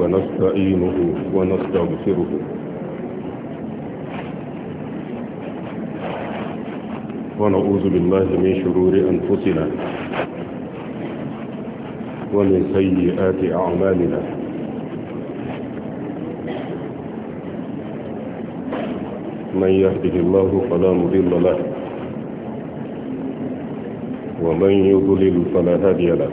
ونستعينه ونستغفره ونعوذ بالله من شرور أنفسنا ومن سيئات أعمالنا من يهده الله فلا مضل له ومن يضلل فلا هادي له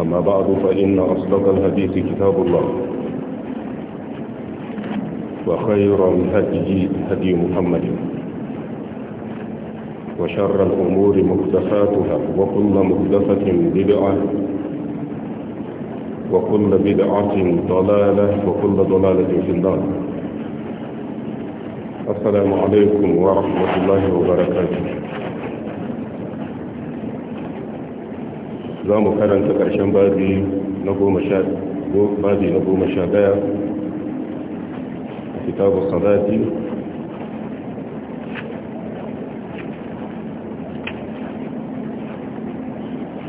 أما بعد فإن أصدق الحديث كتاب الله وخير الهدي هدي محمد وشر الأمور مكتفاتها وكل مكتفة بدعة وكل بدعة ضلالة وكل ضلالة في النار السلام عليكم ورحمة الله وبركاته za mu karanta ƙarshen babi na goma sha babi na goma sha daya a kitabu sadati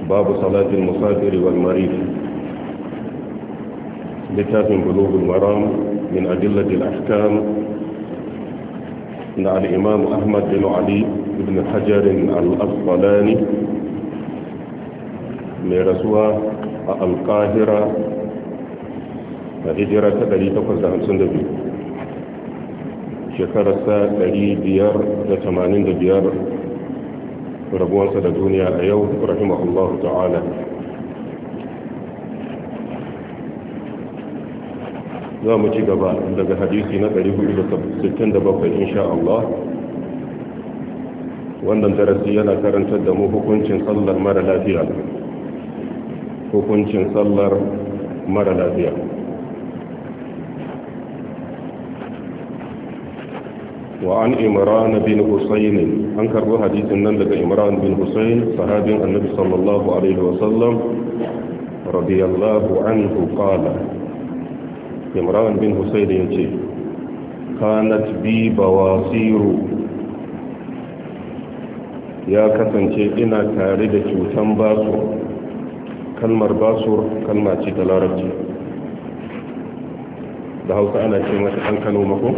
babu salatin musafiri wal marif littafin bulugul maram min adillatil ahkam na al'imamu ahmad bin ali ibn hajjarin al-asqalani mai rasuwa a alkahira a hijira ta 852 shekararsa 585 rabuwansa da duniya a yau rahimahullahu ta'ala za mu ci gaba daga hadisi na 467 insha Allah wannan darasi yana karantar da mu hukuncin sallar mara lafiya hukuncin sallar mara lafiya wa'an imran bin husayn an karbi hadisin nan daga imran bin husayn sahabin annabi sallallahu alaihi radiyallahu anhu qala imran bin husayn yace kanat bi bawasiru ya kasance ina tare da cutan basu kalmar basur kalma ce ta larabci da hausa ana ce mata ɗan kano mako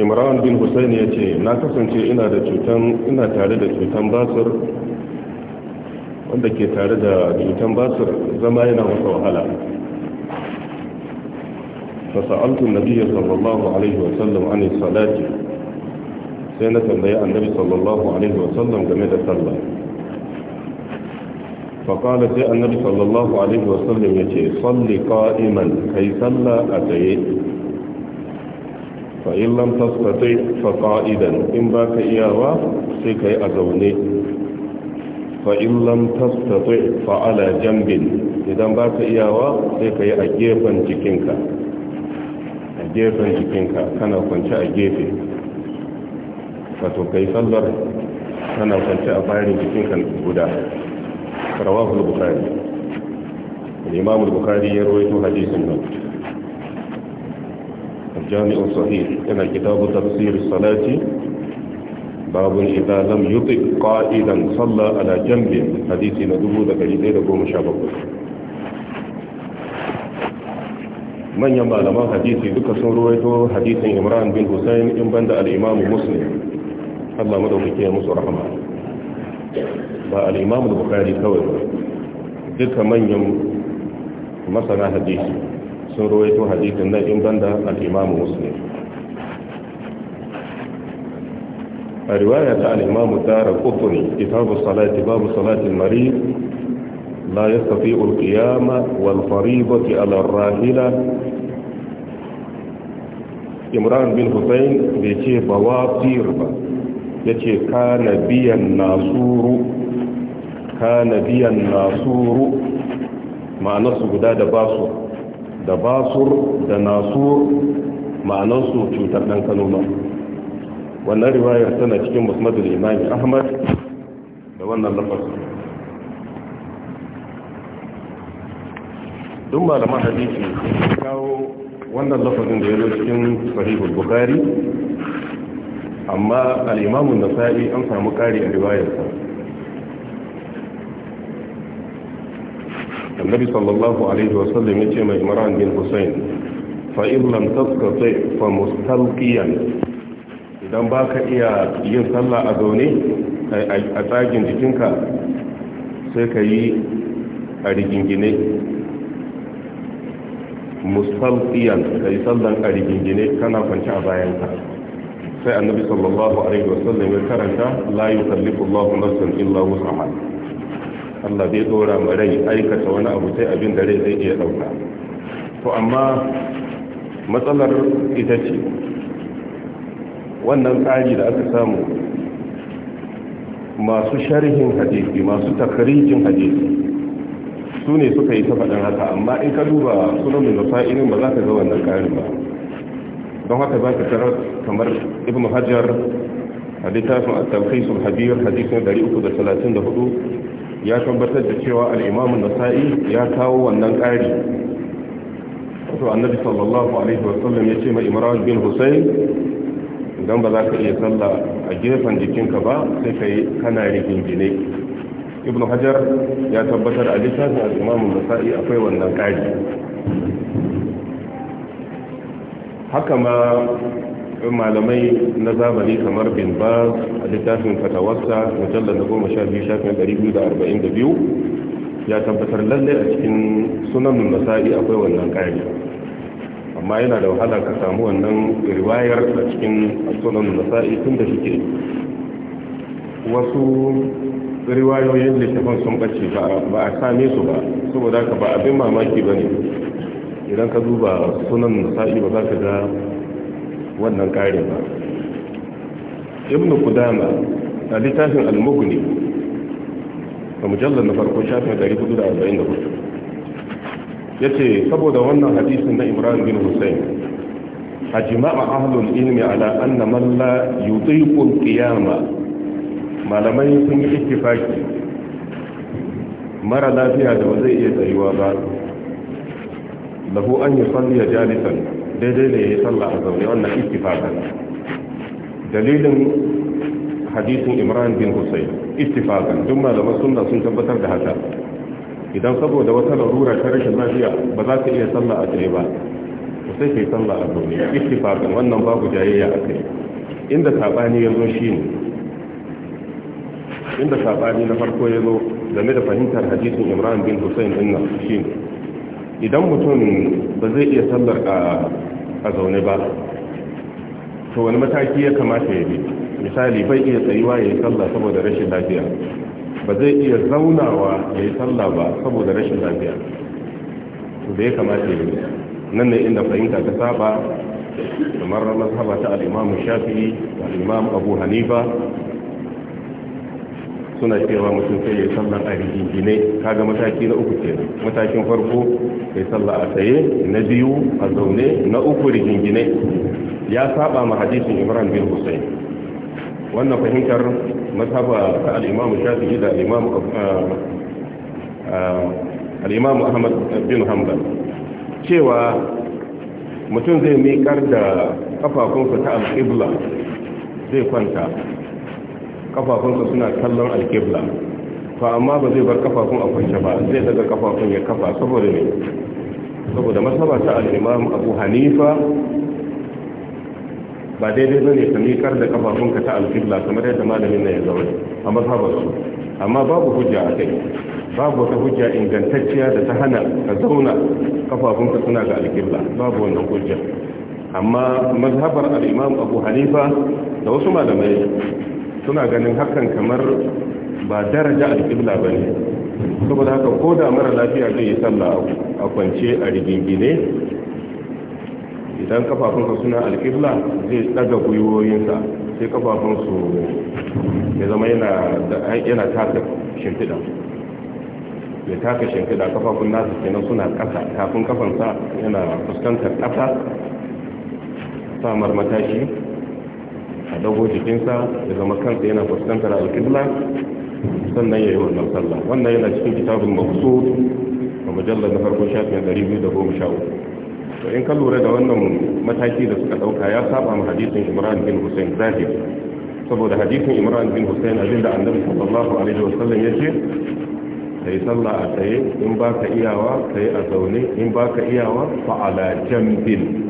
imran bin Hussein ya ce na kasance ina da cutan ina tare da cutan basur wanda ke tare da cutan basur zama yana masa wahala فسألت النبي صلى الله عليه وسلم عن الصلاة سنة بيع النبي صلى الله عليه faƙala sai annabi sallallahu alaihi wasallam ya ce salli ƙa'iman kai salla a tsaye fa'in lam tasfatai faƙa'idan in ba ka iyawa sai ka yi a zaune fa'in lam tasfatai fa'ala jambin idan ba ka iyawa sai ka yi a gefen jikinka a gefen a gefe wato kai sallar a bayan guda رواه البخاري الإمام البخاري يروي حديث النبي الجامع الصحيح إلى كتاب تفسير الصلاة باب إذا لم يطق قائدا صلى على جنب حديث ندوه ذكر قوم شابه من يما لما حديث ذكر سنرويته حديث إمران بن حسين إن بند الإمام مسلم الله مدوكي يا مسلم رحمه ba al'imamu da bukari kawai duka manyan masana hadisi sun rawaito hadisin nan in banda al'imamu muslim a riwaya ta al'imamu tara kutuni kitabu salati babu salatin mari la ya tafi ulkiyama walfaribati alarrahila imran bin hussein bai ce ba wafir ba ya ce ka na biyan nasuru kana biyan nasuru ma'anarsu guda da basur da basur da nasur ma'anarsu cutar ɗan kanoma wannan riwayar tana cikin musmadul imami ahmad da wannan lafasa duk malaman hadisi kawo wannan lafazin da ya zo cikin sahihul bukari amma al'imamun nasa'i an samu kari a riwayarsa annabi sallallahu alaihi wasallam ya ce mai imran bin husayn fa in lam tastati fa mustalqiyan idan baka iya yin sallah a zaune a tsagin jikinka sai ka yi a rigingine mustalqiyan ka yi sallan a rigingine kana kwance a bayanka sai annabi sallallahu alaihi wasallam ya karanta la yukallifu Allahu nafsan illa wus'aha Allah bai dora ma rai aikata wani abu sai abin da rai zai iya dauka to amma matsalar ita ce wannan tsari da aka samu masu sharhin hadisi masu takarijin hadisi su ne suka yi ta faɗin haka amma in ka duba sunan mai masa'ilin ba za ka ga wannan ƙarin ba don haka za ka tarar kamar ibn hajar a littafin a tafai hadisun 334 ya tabbatar da cewa al'imamun nasa'i ya kawo wannan ƙari wato annabi sallallahu alaihi wasallam ya ce ma imran bin husayn idan ba za ka iya sallah a gefen jikinka ba sai ka yi kana rigingine ibn hajar ya tabbatar a littafin al'imamun nasa'i akwai wannan ƙari haka ma malamai na zamani kamar bin ba a littafin fatawarsa mujallar na goma sha biyu shafin ɗari biyu da arba'in da biyu ya tabbatar lallai a cikin sunan nasa'i akwai wannan ƙari amma yana da wahala ka samu wannan riwayar a cikin sunan nasa'i tun da shike wasu riwayoyin littafin sun ɓace ba a same su ba saboda ka ba abin mamaki ba ne idan ka duba sunan nasa'i ba za ka ga wannan kare ba ibn kudama a littafin al-mughni a mujallar na farko shafin 444 yace saboda wannan hadisin na Ibrahim bin Hussein ajma'a ahlul ilmi ala anna man la yutiqu al-qiyama malamai sun yi ittifaki mara lafiya da ba zai iya tsayuwa ba lahu an yusalli jalisan daidai ne ya sallah a zaune wannan ittifaqan dalilin hadisin imran bin husayn ittifaqan duk malaman sunna sun tabbatar da haka idan saboda wata larura ta rashin lafiya ba za ka iya sallah a tsaye ba ko sai yi sallah a zaune ittifaqan wannan babu jayayya a kai inda sabani ya zo shine inda sabani na farko ya zo game da fahimtar hadisin imran bin husayn din nan shine idan mutum ba zai iya sallar a zaune ba to wani mataki ya kamata ya bi misali bai iya tsayuwa ya yi sallah saboda rashin lafiya ba zai iya zaunawa ya yi sallah ba saboda rashin lafiya to da ya kamata ya bi nan ne inda fahimta ta saba kamar mazhaba ta al'imamu Shafi shafi'i da abu hanifa suna cewa mutum sai ya sallan a rigingine kaga mataki na uku kenan matakin farko ya salla a tsaye na biyu a zaune na uku rigingine ya saba ma hadisin imran bin hussein wannan fahimtar masaba ta al-imam shafi'i da al-imam ah, ah, al-imam ahmad bin hanbal cewa mutum zai miƙar da kafafunsa ta al-qibla zai kwanta kafafunsa suna kallon alkebla to amma ba zai bar kafafun a kwanci ba zai daga kafafun ya kafa saboda ne saboda masaba ta al'imam abu hanifa ba daidai zane ka mikar da kafafunka ta alkebla kamar yadda malamin na ya zaune a masabar su amma babu hujja a kai babu wata hujja ingantacciya da ta hana ka zauna kafafunka suna ga alkebla babu wannan hujja amma mazhabar al'imam abu hanifa da wasu malamai suna ganin hakan kamar ba daraja alƙibla ba ne saboda haka ko da mara lafiya zai yi sallah a kwance a rigingine idan kafafunsa suna alƙibla zai ɗaga gwiwoyinsa sai kafafunsu ya zama yana taka shimfiɗa mai taka shimfiɗa kafafun nasa kenan suna ƙasa kafin kafansa yana fuskantar ƙasa samar matashi a dago jikinsa ya zama kansa yana fuskantar alƙibla sannan ya yi wannan sallah wannan yana cikin kitabun maqsud a mujallar na farko shafin biyu da uku to in ka lura da wannan mataki da suka ɗauka ya saba ma hadisin Imran bin Hussein zahir saboda hadisin Imran bin Hussein abinda Annabi sallallahu alaihi ya yace kai sallah a tsaye in baka iyawa kai a zaune in baka iyawa fa ala jambin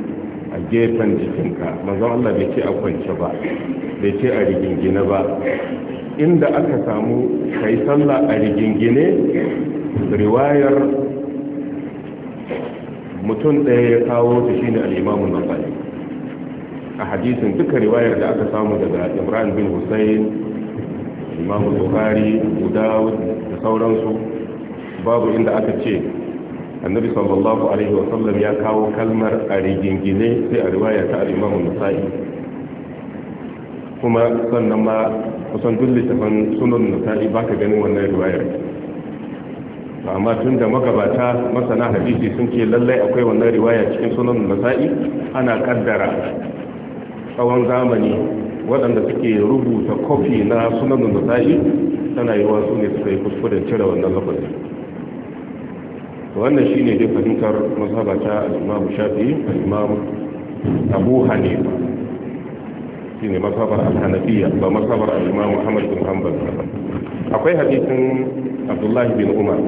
a gefen jikinka manzon Allah bai ce a kwance ba bai ce a rigingine ba inda aka samu kai sallah a rigingine riwayar mutum ɗaya ya kawo ta shi ne imam an a hadisin duka riwayar da aka samu daga Imran bin Husayn Imam buhari guda da sauransu babu inda aka ce annabi sallallahu alaihi wa sallam ya kawo kalmar a rigingine sai a riwaya ta al-imam nasa'i kuma sannan ma kusan duk littafin sunan nasa'i baka ganin wannan riwayar amma tun da magabata masana hadisi sun ce lallai akwai wannan riwaya cikin sunan nasa'i ana kaddara tsawon zamani waɗanda suke rubuta kofi na sunan nasa'i tana yiwuwa su ne suka yi kuskuren cire wannan lafazin wannan shine dai fahimtar mazhaba ta al-Imam Shafi'i al-Imam Abu Hanifa shine mazhabar al-Hanafiyya ba mazhabar al-Imam Muhammad bin Hanbal akwai hadisin Abdullah bin Umar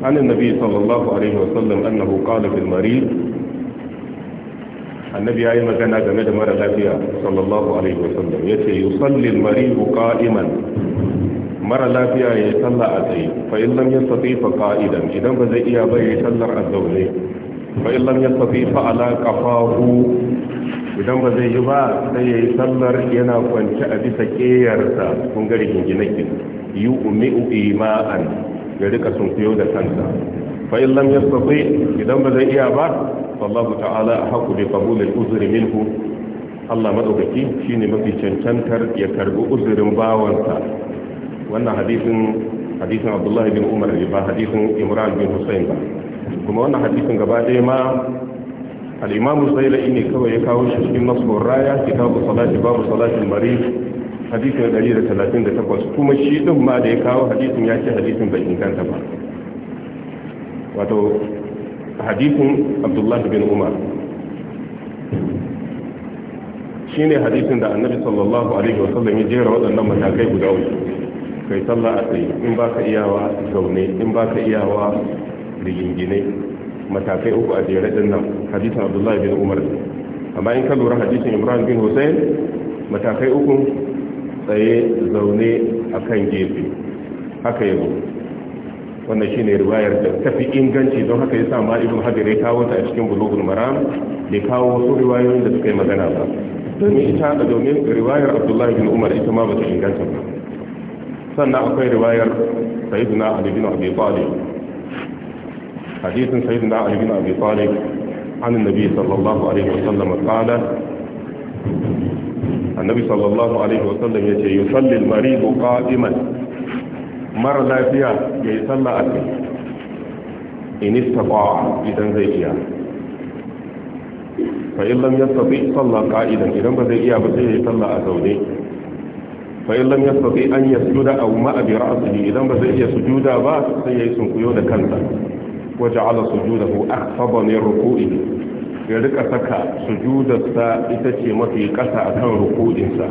عن النبي صلى الله عليه وسلم أنه قال في المريض النبي أي مكان هذا مدى مرة صلى الله عليه وسلم يتي يصلي المريض قائما mara lafiya ya yi sallah a tsaye fa in lam yastati fa qa'idan idan ba zai iya ba ya yi sallar a zaune fa in lam yastati fa ala qafahu idan ba zai yi ba sai ya yi sallar yana kwance a bisa keyarsa kun ga riginginakin yu umi'u ima'an ya rika sunkuyo da kansa fa in lam yastati idan ba zai iya ba wallahu ta'ala haqu bi qabul al-uzri minhu Allah madaukaki shine mafi cancantar ya karbi uzurin bawansa wannan hadisin hadisin abdullahi bin umar ne ba hadisin imran bin hussein ba kuma wannan hadisin gaba ɗaya ma al'imamu sai ne kawai ya kawo shi cikin nasu raya kitabu salati babu salatin mari hadisin 138 kuma shi ɗin ma da ya kawo hadisin ya ce hadisin bai inganta ba wato hadisin abdullahi bin umar shi ne hadisin da annabi sallallahu alaihi wasallam ya jera waɗannan matakai guda uku kai sallah a tsaye in ba ka iyawa zaune in ba ka iyawa rigingine matakai uku a jere din nan hadisin abdullahi bin umar amma in ka lura hadisin ibrahim bin hussein matakai uku tsaye zaune a kan gefe haka yi wannan shi ne riwayar da tafi inganci don haka sa ma ibn hajar ya kawo ta a cikin bulughul maram da kawo wasu riwayoyin da suka yi magana ba domin ita da domin riwayar abdullahi bin umar ita ma ba su inganta ba sannan akwai riwayar sayyidina Ali bin Abi Talib hadisin sayyidina Ali bin Abi Talib عن النبي صلى الله عليه وسلم قال النبي صلى الله عليه وسلم يصلي المريض قائما مر لا فيها يصلى يعني أكل إن استطاع إذا زي فإن لم يستطيع صلى قائدا إذا بزي إياه بس يصلى أزوني fa in lam yastati an sujuda a ma bi ra'sihi idan ba zai iya sujuda ba sai ya yi sunkuyo da kansa wa ja'ala sujudahu akhfada min ruku'ihi ya rika saka sujudarsa ita ce mafi kasa akan ruku'insa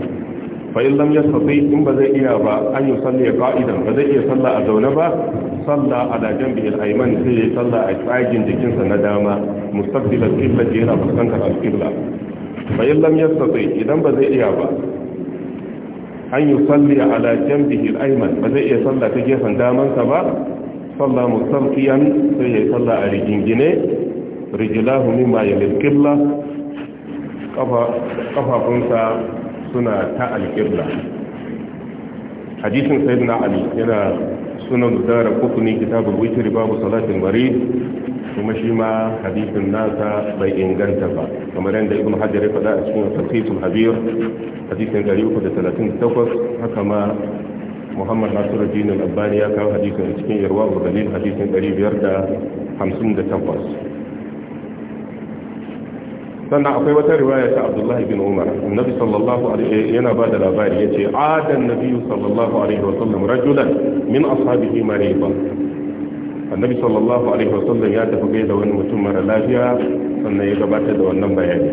fa in lam yastati in ba zai iya ba an yusalli qa'idan ba zai iya sallah a zaune ba sallah ala janbihi al-ayman sai ya sallah a tsagin jikinsa na dama mustaqbil al-qibla yana fuskantar al-qibla fa in lam yastati idan ba zai iya ba an yi salli ala jambihi al-ayman ba zai iya salla ta gefen damansa ba salla musamman sai ya salla a rigingine rijilahu mimma yalqibla kafa kafafunsa suna ta alqibla hadisin na ali yana sunan da kutuni kitabul wikiri babu salatin bari. kuma shi ma hadisin nasa bai inganta ba kamar yadda ibn hajar ya faɗa a cikin tafsirul habir hadisin 338 haka ma muhammad nasiru dinin albani ya kawo hadisin a cikin yarwa dalil hadisin 558 sannan akwai wata riwaya ta abdullahi bin umar annabi sallallahu alaihi eh, yana ba da labari ya ce adan nabi sallallahu alaihi wa sallam rajulan min ashabihi mariba annabi sallallahu alaihi wasallam ya tafi gai da wani mutum mara lafiya sannan ya gabatar da wannan bayani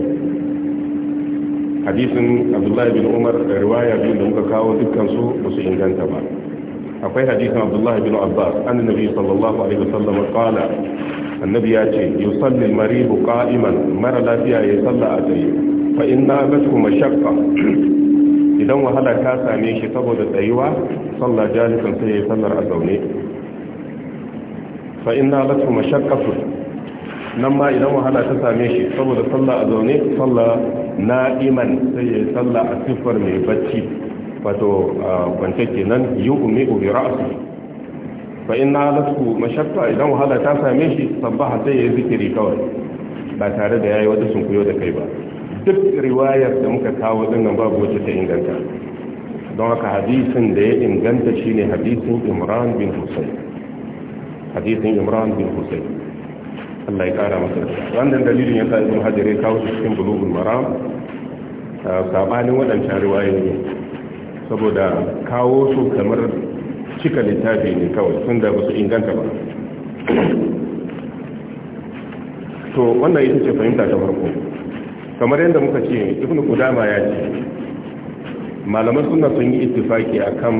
hadisin abdullahi bin umar da riwaya biyu da muka kawo dukkansu ba su inganta ba akwai hadisin abdullahi bin abbas annabi sallallahu alaihi wasallam qala annabi ya ce yusalli al-maribu qa'iman mara lafiya ya salla a tsaye fa inna ghasku mashaqqa idan wahala ta same shi saboda tsayuwa sallah jalisan sai ya sallar a zaune fa inna latu mashaqqatu nan ma idan wahala ta same shi saboda sallah a zaune sallah na'iman sai ya sallah a sifar mai bacci wato kwance kenan yu'mi bi ra'si fa inna latu mashaqqa idan wahala ta same shi sabbaha sai ya zikiri kawai ba tare da yayi wata sunkuyo da kai ba duk riwayar da muka kawo dinnan babu wacce ta inganta don haka hadisin da ya inganta shine hadisin Imran bin Husayn hadisin imran bin husayn Allah ya kara masa wannan dalilin ya sa ibn hajar ya kawo cikin bulugul maram ah, sabanin waɗancan riwayoyi saboda kawo su kamar cika littafi ne kawai tun da basu inganta ba to wannan ita ce fahimta ta farko kamar yadda muka ce ibn kudama ya ce malaman suna sun yi ittifaki kan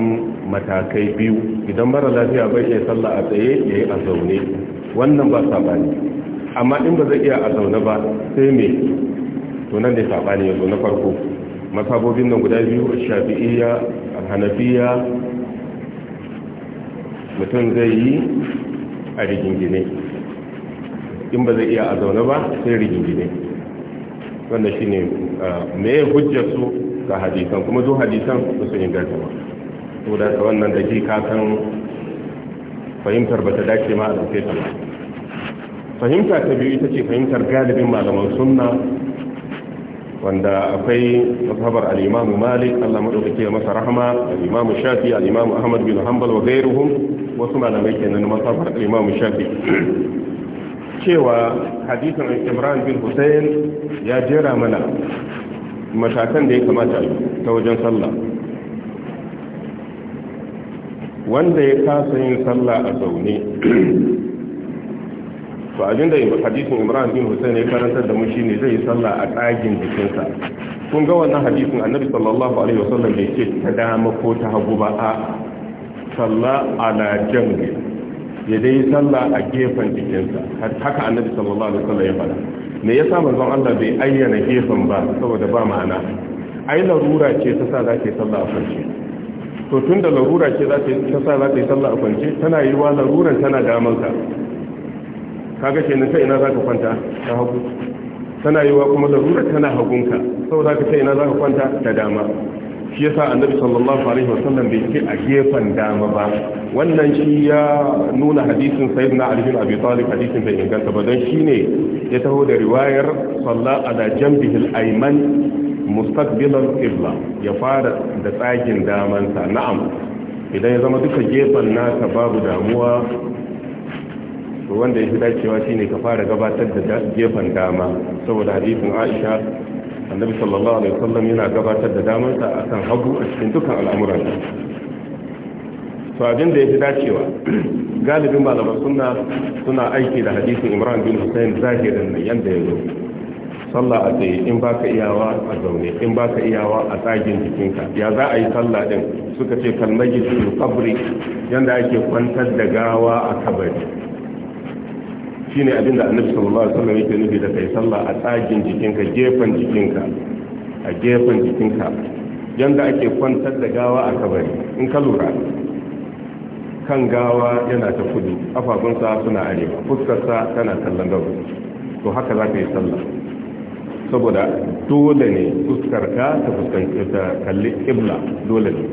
matakai biyu idan mara lafiya bai iya sallah a tsaye ya yi a zaune wannan ba ne, amma in ba zai iya a zaune ba sai me to nan ne ya zo na farko masabobin nan guda biyu shafi'iyya hanafiya mutum zai yi a rigingine in ba zai iya a zaune ba sai rigingine wanda shine uh, me hujjar su ga hadisan kuma zo hadisan ba su inganta ba saboda ka wannan da ke kasan fahimtar ba ta dace ma a ɗauke ta fahimta ta biyu ita ce fahimtar galibin malaman sunna wanda akwai mazhabar al-imamu malik Allah madaukake ya masa rahama al-imamu shafi al-imamu ahmad bin hanbal wa ghayruhum wasu malamai kenan mazhabar al-imamu shafi cewa hadisan imran bin husayn ya jera mana matakan da ya kamata ta wajen sallah wanda ya kasa yin sallah a zaune to da hadisin imran bin hussein ya karanta da mushi ne zai yi sallah a ɗagin jikinsa kun ga wannan hadisin annabi sallallahu alaihi wasallam ya ce ta dama ko ta hagu ba a sallah ala jambi ya dai sallah a gefen jikinsa haka annabi sallallahu alaihi wasallam ya fara me sa manzon Allah bai ayyana gefen ba saboda ba ma'ana ai larura ce ta sa zaka yi sallah a kwance to tunda larura ce yi ta sa zaka yi sallah a kwance tana yi wa laruran tana da ka kaga ne ta ina zaka kwanta ta hagu tana yi wa kuma larura tana hagunka saboda ka ta ina zaka kwanta ta dama shi yasa annabi sallallahu alaihi wasallam bai ce a gefen dama ba wannan shi ya nuna hadisin sayyidina ali bin abi talib hadisin bai inganta ba dan shine ya taho da riwayar salla ala jambihi aiman ayman mustaqbilan qibla ya fara da tsakin damansa na'am idan ya zama duka gefen naka babu damuwa wanda ya fi dacewa shine ka fara gabatar da gefen dama saboda hadisin aisha annabi sallallahu alaihi wasallam yana gabatar da damarsa kan hagu a cikin dukkan al'amuran to abin da yafi dacewa galibin malaman sunna suna aiki da hadisin Imran bin Hussein zahirin nan yanda yazo sallah a tsaye in baka iyawa a zaune in baka iyawa a tsagin jikinka ya za a yi sallah din suka ce kalmaji su kabri yanda ake kwantar da gawa a kabari shine abinda annabi sallallahu alaihi wasallam yake nufi da kai sallah a tsagin jikinka gefen jikinka a gefen jikinka yanda ake kwantar da gawa a kabari in ka lura kan gawa yana ta kudu afafunsa suna arewa fuskarsa tana kallon gaba to haka za ka yi sallah saboda dole ne fuskar ka ta fuskanci ta kalli ibla dole ne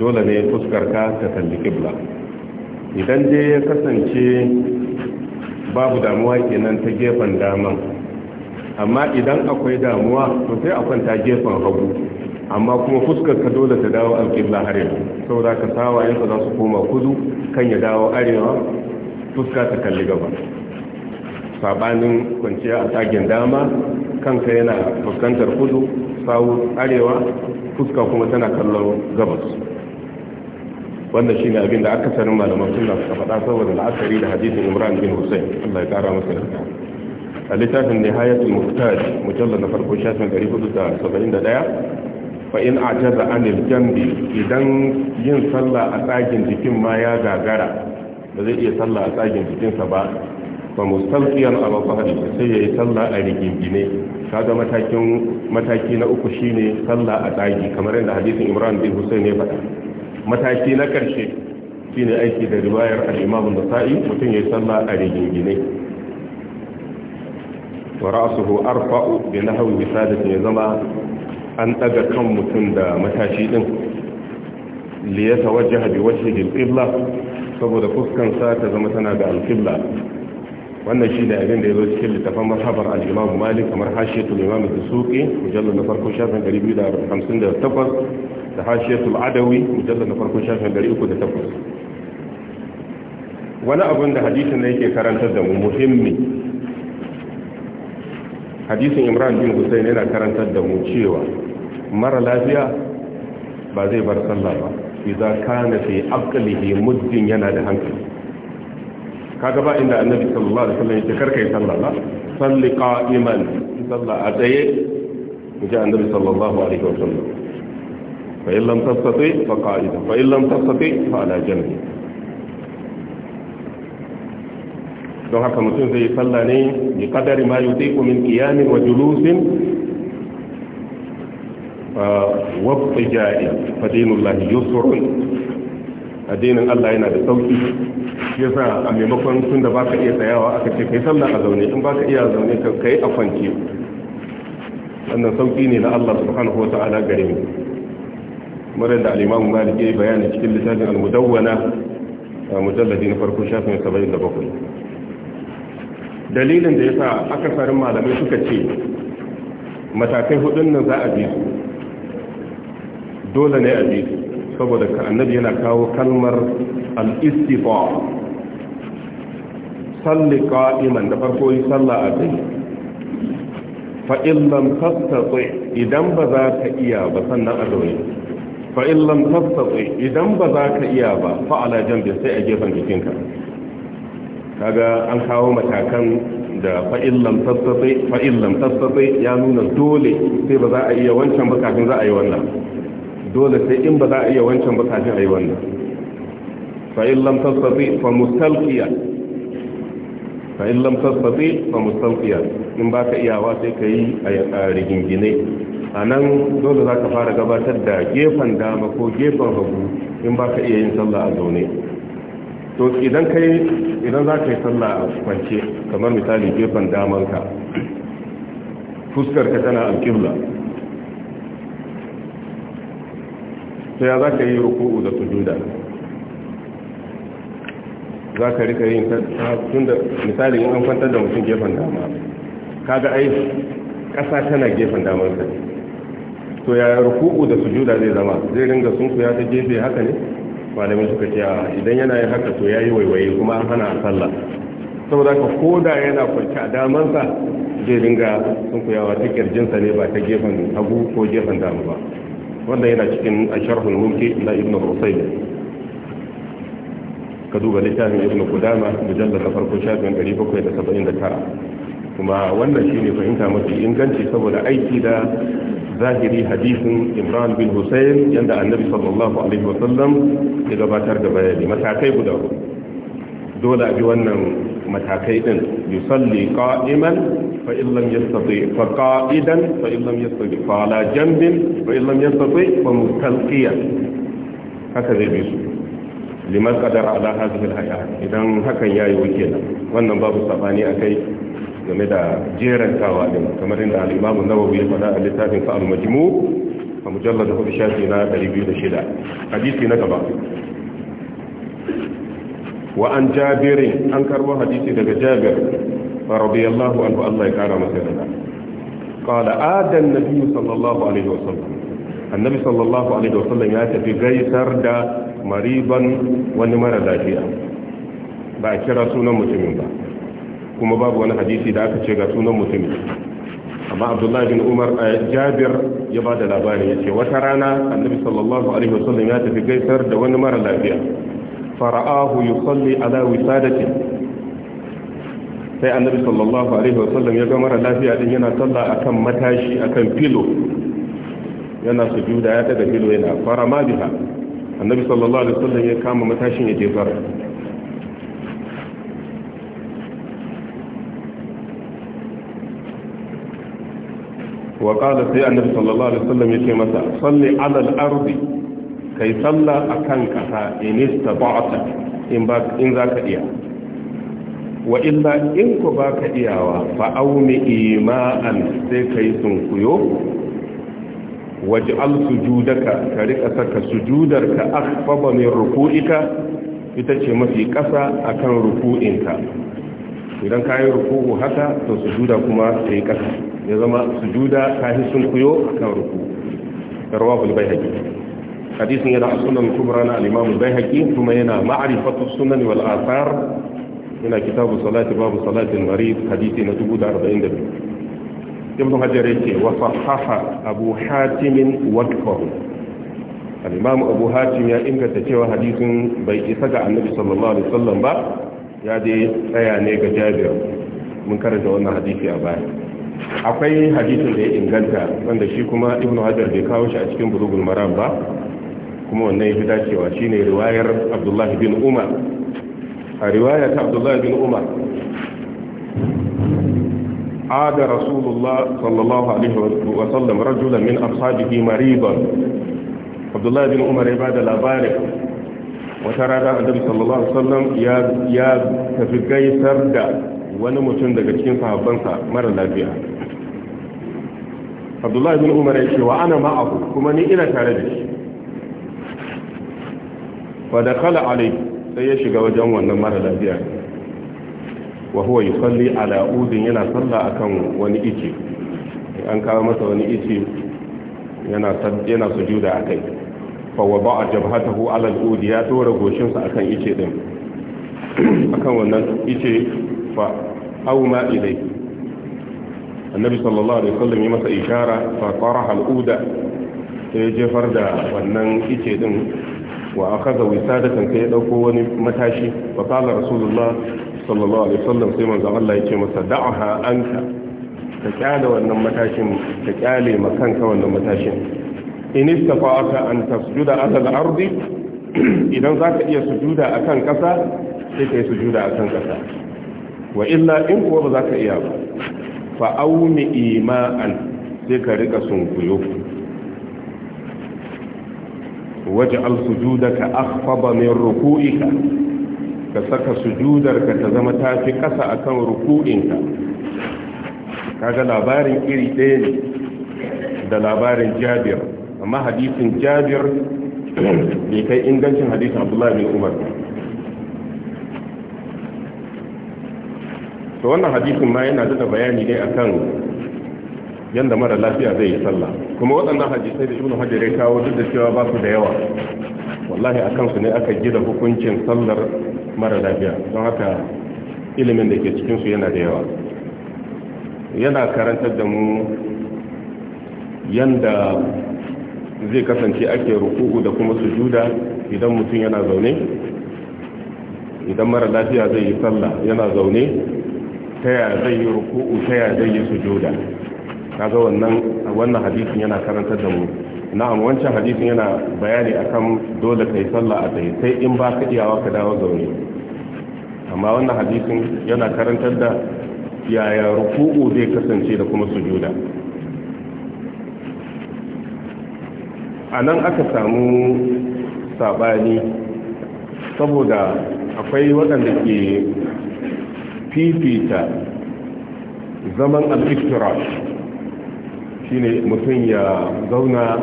dole ne fuskar ka ta kalli ibla idan dai ya kasance babu damuwa kenan ta gefen dama amma idan akwai damuwa to sai a kwanta gefen hagu amma kuma fuskar ka dole ta dawo alƙibla arewa saboda ka yanka za su koma kudu kan ya dawo arewa fuska ta kalli gaba sabanin kwanciya a tsagen dama kanka yana fuskantar kudu sawu arewa fuska kuma tana kallon gabas wannan ne abin da aka sanin malaman sunna suka faɗa saboda la'akari da hadisin Imran bin Hussein Allah ya kara masa yarda a littafin Nihayatul Muhtaj mujallar na farko shafin hudu da saba'in 471 fa in ajaza anil jambi idan yin sallah a tsakin jikin ma ya gagara ba zai iya sallah a tsakin jikinsa ba fa mustalqiyan a fahri sai ya yi sallah a rigingine kaga matakin mataki na uku shine sallah a tsagi kamar yadda hadisin Imran bin Hussein ne faɗa mataki na karshe shine aiki da riwayar al da an-nasa'i mutum yayi sallah a rigingine wa ra'suhu arfa'u bi nahwi bisadatin ya zama an daga kan mutum da matashi din li yatawajjaha bi wajhihi al-qibla saboda fuskan sa ta zama tana ga al-qibla wannan shi da abin da ya zo cikin littafin masabar al'imamu malik kamar hashiyatul imam da suke mujallar na farko shafin 258 da hashiyatul adawi mujallar na farko shafin 308 wani abin da hadisin da yake karantar da mu muhimmi hadisin imran bin hussein yana karantar da mu cewa mara lafiya ba zai bar sallah ba idan kana fi aqlihi muddin yana da hankali kaga ba inda annabi sallallahu alaihi wasallam ya karka yi sallah ba salli qa'iman sallah a tsaye ji annabi sallallahu alaihi wasallam fa in lam tastati fa qa'ida fa in lam tastati fa ala janbi don haka mutum zai salla ne bi qadari ma yutiku min qiyamin wa julusin wa ibtija'i fa dinullahi yusrun addinin Allah yana da sauki yasa a maimakon tun da baka iya tsayawa aka ce kai sallah a zaune in baka iya zaune ka kai a kwanci wannan sauki ne na Allah subhanahu wa ta'ala gare mu murar da al-Imam Malik ya bayani cikin littafin al-Mudawwana mujalladi na farko shafin 77 dalilin da yasa akasarin malamai suka ce matakai hudun nan za a bi su dole ne a bi su saboda ka annabi yana kawo kalmar al-istifa salli qa'iman da farko yi sallah a zai. Fa'illan in idan ba za ka iya ba sannan a zaune Fa'illan in idan ba za ka iya ba fa ala jambi sai a gefen jikinka kaga an kawo matakan da fa'illan lam ya nuna dole sai ba za a iya wancan ba kafin za a yi wannan dole sai in ba za a iya wancan ba kafin a yi wannan fa'in lam tasfati fa mustalqiya fa'in lam fa mustalqiya in ba ka iyawa sai ka yi a rigingine a nan dole za ka fara gabatar da gefen dama ko gefen hagu in ba ka iya yin sallah a zaune to idan kai idan za ka yi sallah a kwance kamar misali gefen damanka fuskar ka tana alƙibla to ya za ka yi ruku'u da sujuda za ka rika yin tun da misali in an kwantar da mutum gefen dama kaga ai kasa tana gefen damar ka to ya ruku'u da sujuda zai zama zai ringa ya ta gefe haka ne malamin suka ce idan yana yin haka to ya yi waiwaye kuma an hana sallah saboda ka koda yana kwanci a damansa zai ringa sunkuyawa ta kirjinsa ne ba ta gefen hagu ko gefen dama ba wanda yana cikin asharhul mulki na ibn husayn ka duba littafin ibn qudama mujallal na farko shafin 779 kuma wannan shine fahimta mafi inganci saboda aiki da zahiri hadisin imran bin husayn yanda annabi sallallahu alaihi wasallam ya gabatar da bayani matakai guda dole a bi wannan matakai din yusalli qa'iman فإن لم يستطع فقائدا فإن لم يستطع فعلى جنب فإن لم يستطع فمستلقيا هكذا يبيس لمن قدر على هذه الحياة إذن هكا يا يوكينا وانا باب الصباني أكي جميدا جيرا كوالي كما رند الإمام النووي فلا اللتاك فأل مجموع فمجلد هو بشاتنا تريبيو دشدا حديثنا كما وعن جابر أنكر وحديثنا جابر radiyallahu anhu Allah ya kara masa yarda qala adan nabi sallallahu alaihi wasallam annabi sallallahu alaihi wasallam ya tafi gaisar da mariban wani mara lafiya ba kira sunan mutumin ba kuma babu wani hadisi da aka ce ga sunan mutumin amma abdullahi bin umar eh, jabir ya ba da labari ya ce wata rana annabi sallallahu alaihi wasallam ya tafi gaisar da wani mara lafiya fara'ahu yusalli ala sai annabi sallallahu alaihi wasallam ya ga mara lafiya din yana talla akan matashi akan filo yana sujuda ya daga filo yana fara ma biha annabi sallallahu alaihi wasallam ya kama matashin ya jefar wa qala sai annabi sallallahu alaihi wasallam ya ce masa salli ala al-ardi kai salla akan kasa in istata'ta in ba in zaka iya wa illa in ku ba ka iyawa fa'auni ima'an sai ka yi sunkuyo waje al-sujudaka ka rika saka sujudarka akhfaba min ruku'ika ita ce mafi ƙasa akan ruku'inka idan ka yi ruku'u haka to sujuda kuma ta yi ƙasa ya zama sujuda ta yi sunkuyo akan ruku rawahul baihaqi hadisin yana sunan kubra na al-imam kuma yana ma'rifatu sunan wal yana kitabu salati babu salatin marid hadisi na biyu. ibn hajar yake wa sahaha abu Hatimin wadfahu Alimamu abu hatim ya inganta cewa hadisin bai isa ga annabi sallallahu alaihi sallam ba ya je tsaya ne ga jabir mun karanta wannan hadisi a baya akwai hadisin da ya inganta wanda shi kuma ibn hajar bai kawo shi a cikin bulugul maram ba kuma wannan ya fi dacewa shine riwayar abdullahi bin umar a riwaya ta abdullahi bin umar عاد رسول الله صلى الله عليه وسلم رجلا من أصحابه مريضا عبد الله بن عمر عباد الأبارك وترى النبي صلى الله عليه وسلم يا يا تفي قيصر دا wani mutum daga cikin sahabbansa mara lafiya abdullahi bin umar ya ce wa ana ma'ahu kuma ni ina tare da shi da kala sai ya shiga wajen wannan mara lafiya wa huwa yusalli ala udin yana sallah akan wani ice an kawo masa wani ice yana yana sujuda akai fa wada'a jabhatahu ala al-ud ya tura goshin sa akan ice din akan wannan ice fa auma ilai annabi sallallahu alaihi wasallam ya masa ishara fa qaraha al-uda sai jefar da wannan ice din wa aka akhadha wisadatan kai ya dauko wani matashi wa qala rasulullah sallallahu alaihi wasallam sai manzo Allah yake masa da'aha anka ka kyale wannan matashin ka kyale makanka wannan matashin in istafa'aka an tasjuda ala al-ardi idan zaka iya sujuda akan kasa sai kai sujuda akan kasa wa illa in kuwa ba zaka iya ba fa auni ima'an sai ka rika sunkuyo waj'al sujudaka akhfada min ruku'ika ka saka sujudarka ta zama tafi kasa akan ruku'inka kaga labarin iri ɗaya ne da labarin Jabir amma hadisin Jabir bai kai ingancin hadisin Abdullahi bin Umar to wannan hadisin ma yana da bayani ne akan yanda mara lafiya zai yi sallah kuma waɗannan hadisai da ibn hajar ya kawo duk da cewa ba su da yawa wallahi a kansu ne aka gida hukuncin sallar mara lafiya don haka ilimin da ke cikin su yana da yawa yana karantar da mu yanda zai kasance ake ruku'u da kuma sujuda idan mutum yana zaune idan mara lafiya zai yi sallah yana zaune ta zai yi ruku'u ta zai yi sujuda kaga wannan wannan hadisin yana karantar da mu na'am wancan hadisin yana bayani akan dole kai sallah a tsaye sai in ba ka iyawa ka dawo zaune amma wannan hadisin yana karantar da yaya ruku'u zai kasance da kuma sujuda a nan aka samu sabani saboda akwai waɗanda ke fifita zaman al-iftirash shine mutum ya zauna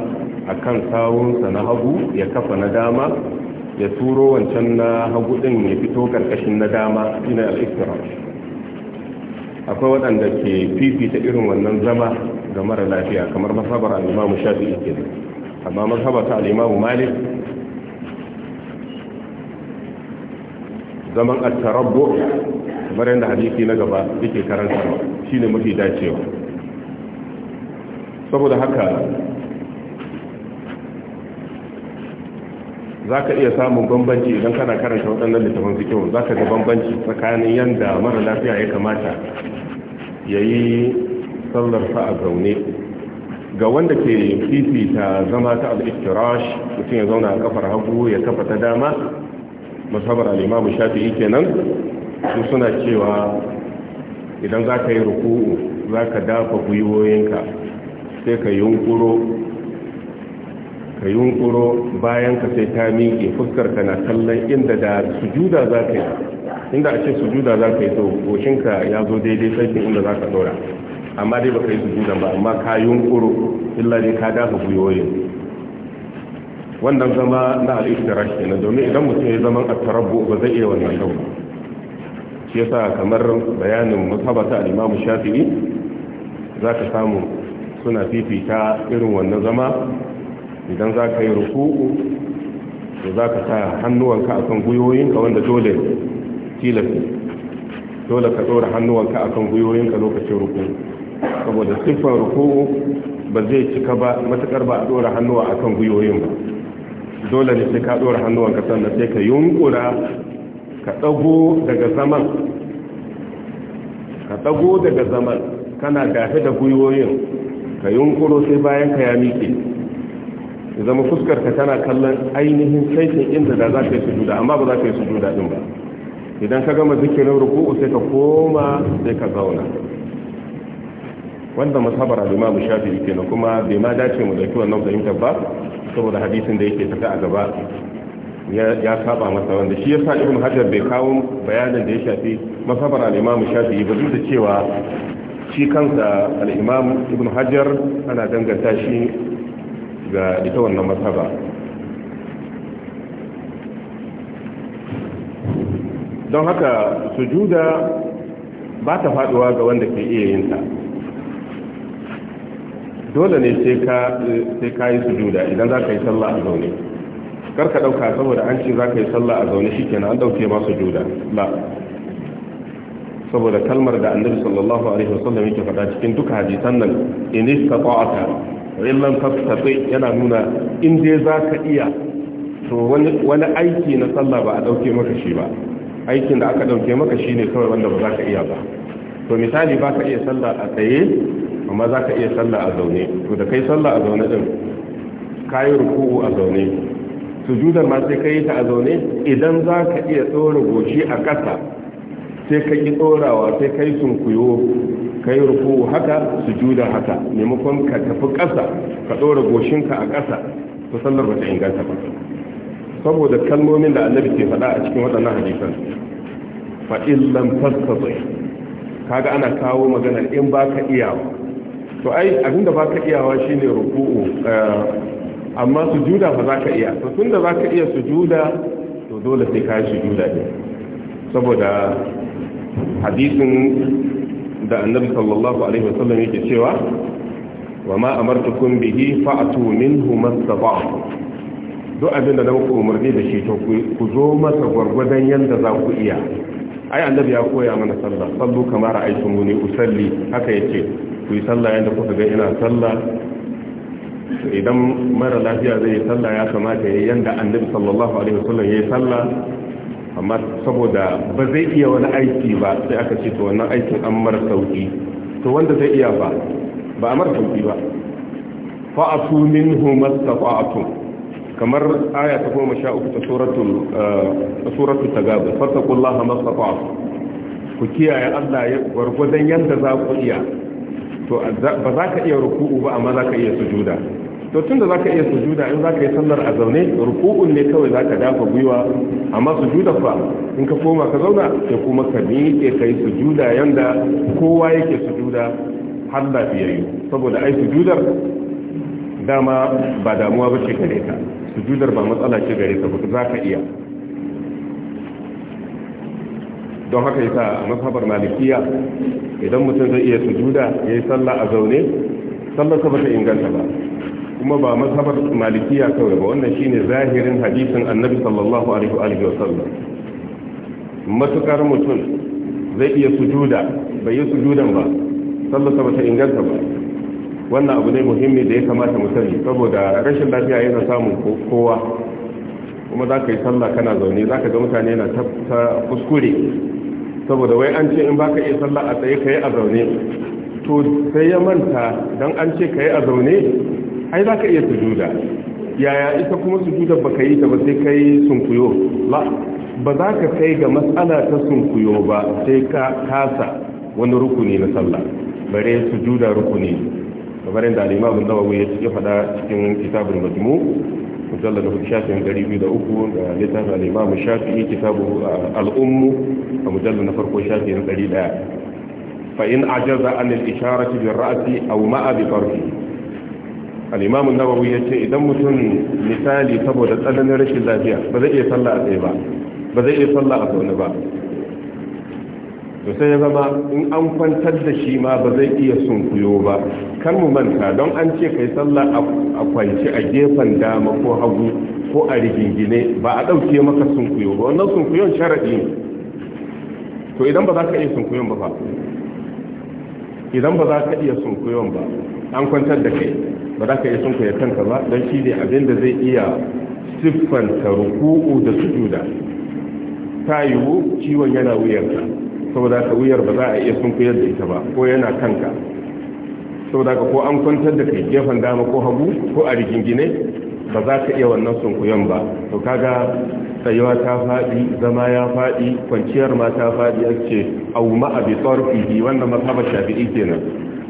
a kan sawunsa na hagu ya kafa na dama ya turo wancan na hagu ɗin ya fito ƙarƙashin na dama shine al'istira akwai waɗanda ke fifita irin wannan zama ga mara lafiya kamar masabar al'imamu shafi ke amma masabar ta al'imamu malik zaman a tarabbu kamar yadda hadisi na gaba yake karanta shine mafi dacewa saboda haka za ka iya samun bambanci idan kana karanta waɗannan littafin fikihu za ka ga bambanci tsakanin yadda mara lafiya ya kamata ya yi tsallarsa a zaune ga wanda ke fifita zama ta al'iftirash mutum ya zauna a kafar hagu ya kafa ta dama musamman al'imamu ike nan su suna cewa idan za ka yi ruku'u za ka dafa gwiwoyinka sai ka yunkuro ka yunkuro bayan ka sai ta miƙe fuskar ka na kallon inda da sujuda za ka yi inda a ce sujuda za ka yi to goshinka ya zo daidai sarkin inda za ka dora amma dai baka yi sujuda ba amma ka yunkuro illa dai ka dafa guyoyin wannan zama na al'ishtirash na domin idan mutum ya zama a tarabu ba zai iya wannan yau shi yasa kamar bayanin musabata a imam Shafi'i ka samu suna fifita irin wannan zama idan za ka yi ruku'u da za ka sa hannuwanka a kan gwiwoyinka wanda dole tilafi dole ka tsora hannuwanka a kan gwiwoyinka lokacin ruku'u saboda siffan ruku'u ba zai cika ba matakar ba a tsora hannuwa a kan gwiwoyin ba dole ne sai ka tsora hannuwanka sannan sai ka yunkura ka ɗago daga zaman ka ɗago daga zaman kana gafe da gwiwoyin ka yunkuro sai bayan ka ya mike ya zama fuskar ka tana kallon ainihin saitin inda da za ka yi sujuda amma ba za ka yi sujuda din ba idan ka gama zikirin ruku'u sai ka koma sai ka zauna wanda masabar mu shafi shafi'i kenan kuma bai ma dace mu dauki wannan fahimtar ba saboda hadisin da yake tafi a gaba ya saba masa wanda shi ya sa ibn hajar bai kawo bayanin da ya shafi masabar alima mu shafi ba duk da cewa shi kansa al'imam ibn hajjar ana danganta shi ga ita wannan masaba don haka sujuda ba ta faduwa ga wanda ke iya yinta dole ne sai ka yi sujuda idan za ka yi sallah a zaune karka ɗauka saboda an ce za ka yi sallah a zaune shi kenan an ɗauke masu juda saboda kalmar da annabi sallallahu alaihi wasallam yake faɗa cikin duka hadisan nan in istata'ata wa illam tastati yana nuna in dai zaka iya to wani aiki na sallah ba a dauke maka shi ba aikin da aka dauke maka shine kawai wanda ba zaka iya ba to misali baka iya sallah a tsaye amma zaka iya sallah a zaune to da kai sallah a zaune din kayi ruku'u a zaune sujudar ma sai kai ta a zaune idan zaka iya tsora goshi a ƙasa sai ka yi tsorawa sai ka yi sunkuyo ka yi rufu haka juda haka maimakon ka tafi ƙasa ka ɗora goshinka a ƙasa ta sallar ba ta inganta ba saboda kalmomin da annabi ke faɗa a cikin waɗannan hadisan fa illam tastati kaga ana kawo magana in baka iyawa to ai abinda baka iyawa shine ruku'u eh, amma sujuda ba za ka iya to tunda za ka iya sujuda to dole sai ka yi sujuda ne saboda hadisin da annabi sallallahu alaihi wasallam yake cewa wa ma amartukum bihi fa'tu minhu mastata'tum duk abin da ku umarni da shi to ku zo masa gwargwadon yanda za ku iya ai annabi ya koya mana sallah sallu kama ra'aytumuni usalli haka yake ku yi sallah yanda kuka ga ina sallah idan mara lafiya zai yi sallah ya kamata yayin yanda annabi sallallahu alaihi wasallam yayi sallah amma saboda ba zai iya wani aiki ba sai aka ce to wannan aikin an mara sauki to wanda zai iya ba ba a mara sauki ba fa'atu minhu mastata'tum kamar aya ta goma sha uku ta suratul eh, suratul tagabun fattaqullaha mastata'tum ku kiyaye Allah ya gwargwadon yadda za ku iya to ba za ka iya ruku'u ba amma za ka iya sujuda to tun da zaka iya sujuda in zaka yi sallar a zaune ruku'un ne kawai zaka dafa gwiwa amma sujuda fa in ka koma ka zauna sai kuma ka miƙe kai sujuda yanda kowa yake sujuda har lafiyayyu saboda ai sujudar dama ba damuwa ba ce gare ka sujudar ba matsala ce gare ka ba za ka iya don haka yasa a malikiya idan mutum zai iya sujuda yi sallah a zaune sallar ka ta inganta ba kuma ba mazhabar malikiya kawai ba wannan shine zahirin hadisin annabi sallallahu alaihi wa sallam matukar mutum zai iya sujuda bai yi sujudan ba sallarsa ba ta inganta ba wannan abu ne muhimmi da ya kamata mu sani saboda rashin lafiya yana samun kowa kuma za ka yi sallah kana zaune za ka ga mutane na ta kuskure saboda wai an ce in ba ka iya sallah a tsaye ka yi a zaune to sai ya manta don an ce ka yi a zaune ai za ka iya sujuda yaya ita kuma sujudar ba ka yi ta ba sai ka yi sunkuyo ba ba za ka kai ga matsala ta sunkuyo ba sai ka kasa wani rukuni na sallah bare sujuda rukuni kamar yadda alimamin nawawi ya ya faɗa cikin kitabul majmu Mujalla mujallad hudu shafin ɗari biyu da uku da littafin alimamin shafi'i kitabu ah, al'ummu a mujallad na farko shafi shafin ɗari ɗaya fa in ajaza an al-isharati bil ra'si aw ma'a bi farfihi al-imam an-nawawi yace idan mutum misali saboda tsananin rashin lafiya ba zai iya sallah a tsaye ba ba zai iya sallah a zaune ba to sai ya zama in an kwantar da shi ma ba zai iya sunkuyo ba kan mu manta don an ce kai sallah a kwanci a gefen dama ko hagu ko a rigingine ba a ɗauke maka sunkuyo ba wannan sunkuyon sharaɗi ne to idan ba za ka iya sunkuyon ba fa idan ba za ka iya sunkuyon ba an kwantar da kai ba za ka yi sun kanka ba don shi ne abin da zai iya siffanta ruku'u da sujuda ta yiwu ciwon yana wuyarka saboda ka wuyar ba za a iya sun da ita ba ko yana kanka saboda ka ko an kwantar da kai gefen dama ko hagu ko a rigingine ba za ka iya wannan sunkuyon ba to kaga tsayuwa ta faɗi zama ya faɗi kwanciyar ma ta faɗi ake au a abi tsarfihi wanda mazhabar shafi'i kenan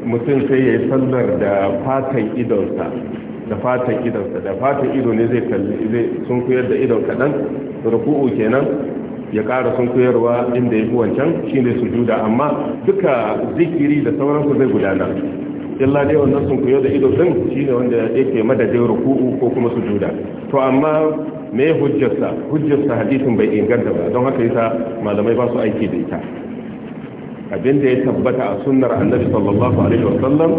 mutum sai ya yi sallar da fatan idonsa da fatan idonsa da fatan ido ne zai sun koyar da idon kaɗan ruku'u kenan ya ƙara sun kuyarwa inda ya fi wancan shi ne su juda amma duka zikiri da sauransu zai gudana illa dai wannan sun koyar da ido din shi ne wanda yake madadin ruku'u ko kuma su juda to amma me hujjarsa hujjarsa hadisin bai inganta ba don haka yasa malamai ba su aiki da ita abinda ya tabbata a sunnar annabi sallallahu alaihi wasallam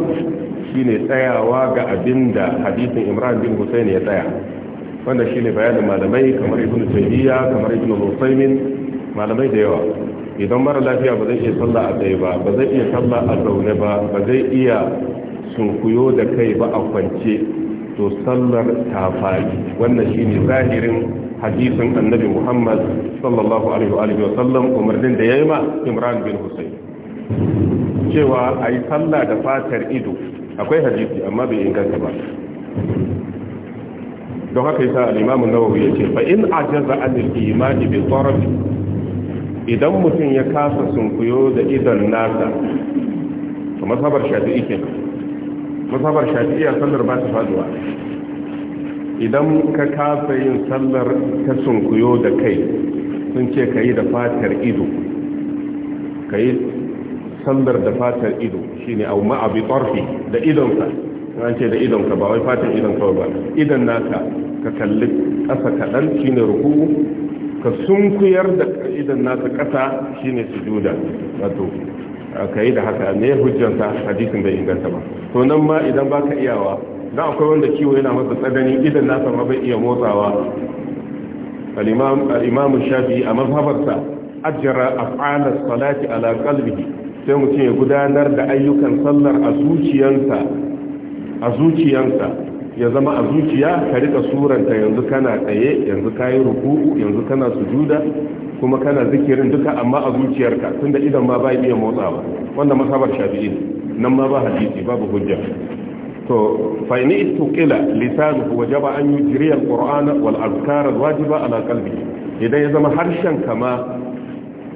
shine tsayawa ga abinda hadisin imran bin husayn ya tsaya wanda shine bayanin malamai kamar ibn taymiya kamar ibn husaymin malamai da yawa idan mara lafiya ba zai iya sallah a tsaye ba ba zai iya sallah a zaune ba ba zai iya sunkuyo da kai ba a kwance to sallar ta faɗi wannan shine zahirin hadisin annabi muhammad sallallahu alaihi wa umarnin da ya yi ma imran bin Hussein cewa a yi sallah da fatar ido akwai hadisi amma bai inganta ba don haka yasa al-imamu nawawi yace fa in ajaza anil imani bi idan mutum ya kasa sunkuyo da idan nasa to masabar shafi'i kenan masabar shafi'i a sallar ba ta faduwa idan ka kasa yin sallar ta sunkuyo da kai sun ce ka yi da fatar ido ka yi sallar da fatar ido shi ne au ma'abi ƙarfi da idonka an ce da idonka ba wai fatar idonka ba idan naka ka kalli ƙasa kaɗan shi ne ruhu ka sunkuyar da idan naka ƙasa shi ne sujuda wato ka yi da haka ne hujjanta hadisin bai inganta ba to nan ma idan ba ka iyawa da akwai wanda ciwo yana masa tsadani idan nasa ma bai iya motsawa al-imam shafi a mazhabarsa ajjara af'ala salati ala qalbihi sai mutum ya gudanar da ayyukan sallar a zuciyarsa a zuciyarsa ya zama a zuciya ka rika suranta yanzu kana tsaye yanzu kayi ruku'u yanzu kana sujuda kuma kana zikirin duka amma a zuciyarka tunda idan ma bai iya motsawa wanda masabar shafi'i nan ma ba hadisi babu hujja to faini in istuqila lisanuhu wajaba an yujri alqur'ana wal azkar alwajiba ala qalbi idan ya zama harshen kama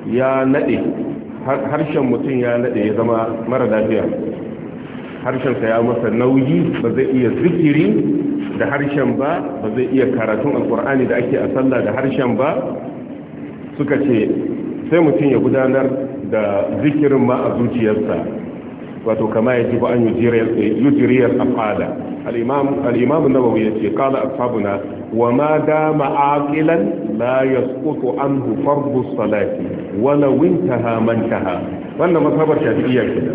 ya nade harshen mutum ya nade ya zama mara lafiya harshen sa ya masa nauyi ba zai iya zikiri da harshen ba ba zai iya karatun alqur'ani da ake a sallah da harshen ba suka ce sai mutum ya gudanar da zikirin ma a zuciyarsa wato kama ya ba an yujiriyar afada al'imam na ya ce kala ashabuna wa ma dama aqilan la yasqutu an hufar salati wala wintaha man wannan masabar shafiyar gida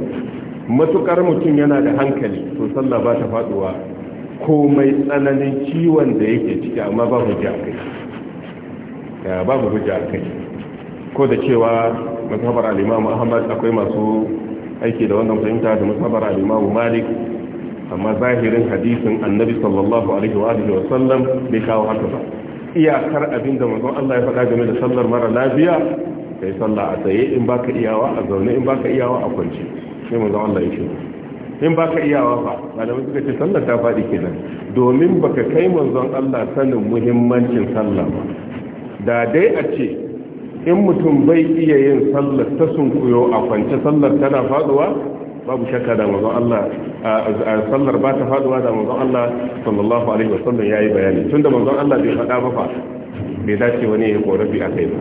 matukar mutum yana da hankali to sallah ba ta faduwa mai tsananin ciwon da yake ciki amma babu hujja kai babu hujja kai ko da cewa masabar al-imam ahmad akwai masu aiki da wannan fahimta da musabar al-imamu malik amma zahirin hadisin annabi sallallahu alaihi wa alihi wa sallam bai kawo haka ba iyakar abin da manzon Allah ya faɗa game da sallar mara lafiya kai sallah a tsaye in baka iyawa a zaune in baka iyawa a kwance sai manzon Allah ya ce in baka iyawa ba malamai suka ce sallar ta faɗi kenan domin baka kai manzon Allah sanin muhimmancin sallah ba da dai a ce in mutum bai iya yin sallar ta sunkuyo a kwance sallar tana faduwa babu shakka da mazan Allah a sallar ba ta faduwa da mazan Allah sallallahu alaihi wasallam ya yi bayani tun da mazan Allah bai fada ba fa bai dace wani ya korafi a kai ba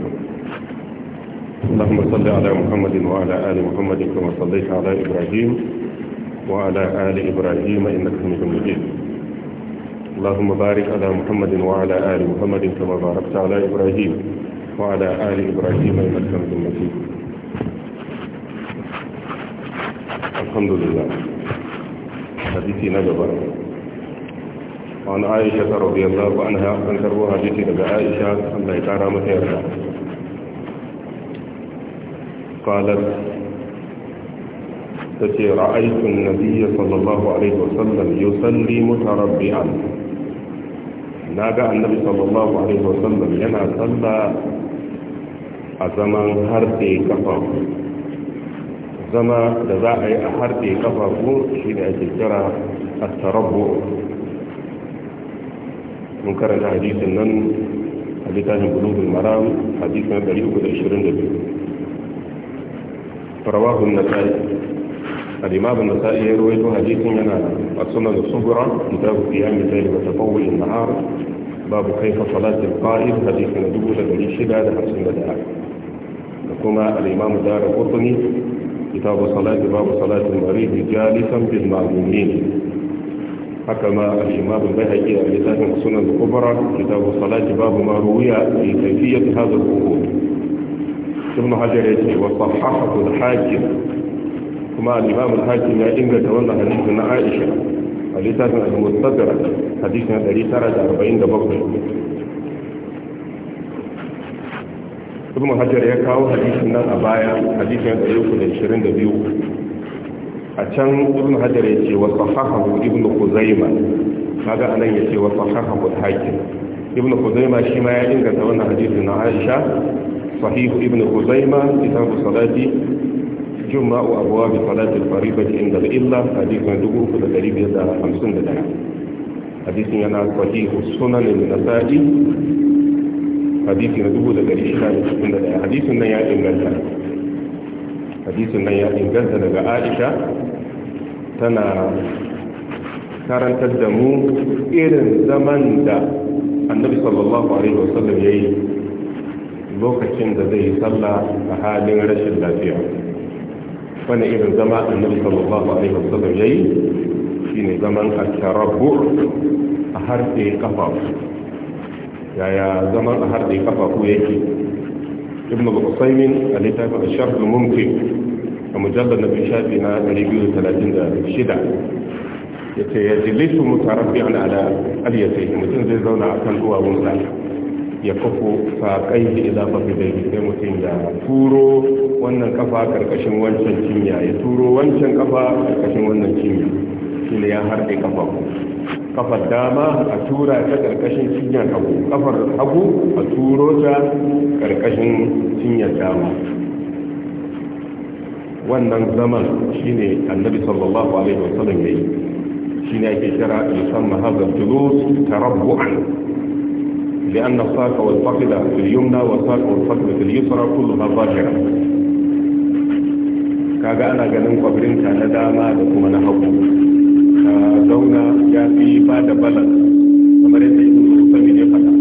اللهم صل على محمد وعلى آل محمد كما صليت على إبراهيم وعلى آل إبراهيم إنك حميد مجيد اللهم بارك على محمد وعلى آل محمد كما باركت على إبراهيم وعلى آل إبراهيم إنك حميد الحمد لله حديثي نجبا وعن عائشة رضي الله عنها أن تروى حديثي لك عائشة أن يتعرى متيرها قالت تتي رأيت النبي صلى الله عليه وسلم يصلي متربعا نادى النبي صلى الله عليه وسلم ينا صلى a zaman harɗe kafafu zama da za a yi a kafa ko shi ne ake kira a tarabbo mun karanta hadisun nan a littafin bulugul maram hadisin 322 rawahun nasa'i الإمام النسائي يروي حديث من السنة الصغرى كتاب قيام الليل وتطوع النهار باب كيف صلاة القائد حديث ندوه لدري شدة حسن بدأ كما الإمام دار القرطني كتاب صلاة باب صلاة المريض جالسا بالمعلومين حكما الإمام البيهقي لسان السنة الكبرى كتاب الصلاة باب ما روي في كيفية هذا الوقوف ابن حجر يجي وصححه الحاكم كما الإمام الحاكم يا إنجا تولى حديث عائشة لسان المستدرك حديثنا 347 ibn hajar ya kawo hadisin nan a baya hadisin da yake da 22 a can ibn hajar ya ce wa sahahu ibn khuzaima kaga anan ya ce wa sahahu al-hakim ibn khuzaima shi ma ya inganta wannan hadisin na Aisha sahihu ibn khuzaima ku salati جمع أبواب صلاة الفريضة عند الإلا حديث ندوه في القريب يدار خمسون دلع حديث ينا صحيح السنن النسائي حديث ندوه ده جريش خالص كنا ده حديث ان يا ابن الله حديث ان يا ابن الله ده عائشة تنا كارن تدمو ايرن زمن ده النبي صلى الله عليه وسلم يأي لوكشن ده ده يصلى بحال رشد ده فيه فانا ايرن زمن النبي صلى الله عليه وسلم يأي في زمن الشرب أهرتي قفاف yaya zaman a har da kafafu yake ibn al-qusaymin a littafin al-sharh al-mumkin a mujallar na bishafi na 236 yace ya jilisu mutarabbi'an ala aliyatihi mutum zai zauna akan duwawunsa ya kafo kai da izafafi da sai mutum ya turo wannan kafa karkashin wancan cinya ya turo wancan kafa karkashin wannan cinya shine ya harbe kafa kafar dama a tura ta karkashin cinyar hagu kafar hagu a turo ta karkashin cinyar dama wannan zaman shine annabi sallallahu alaihi wa wasallam yayi shine ake kira musamman hadha julus tarabbu'an لأن الساق والفخذ في اليمنى والساق والفخذ في اليسرى كلها ظاهرة kaga ana ganin kwabirinta na dama da kuma na hagu zauna ya fi ba da balan kamar yadda ibn musami ne faɗa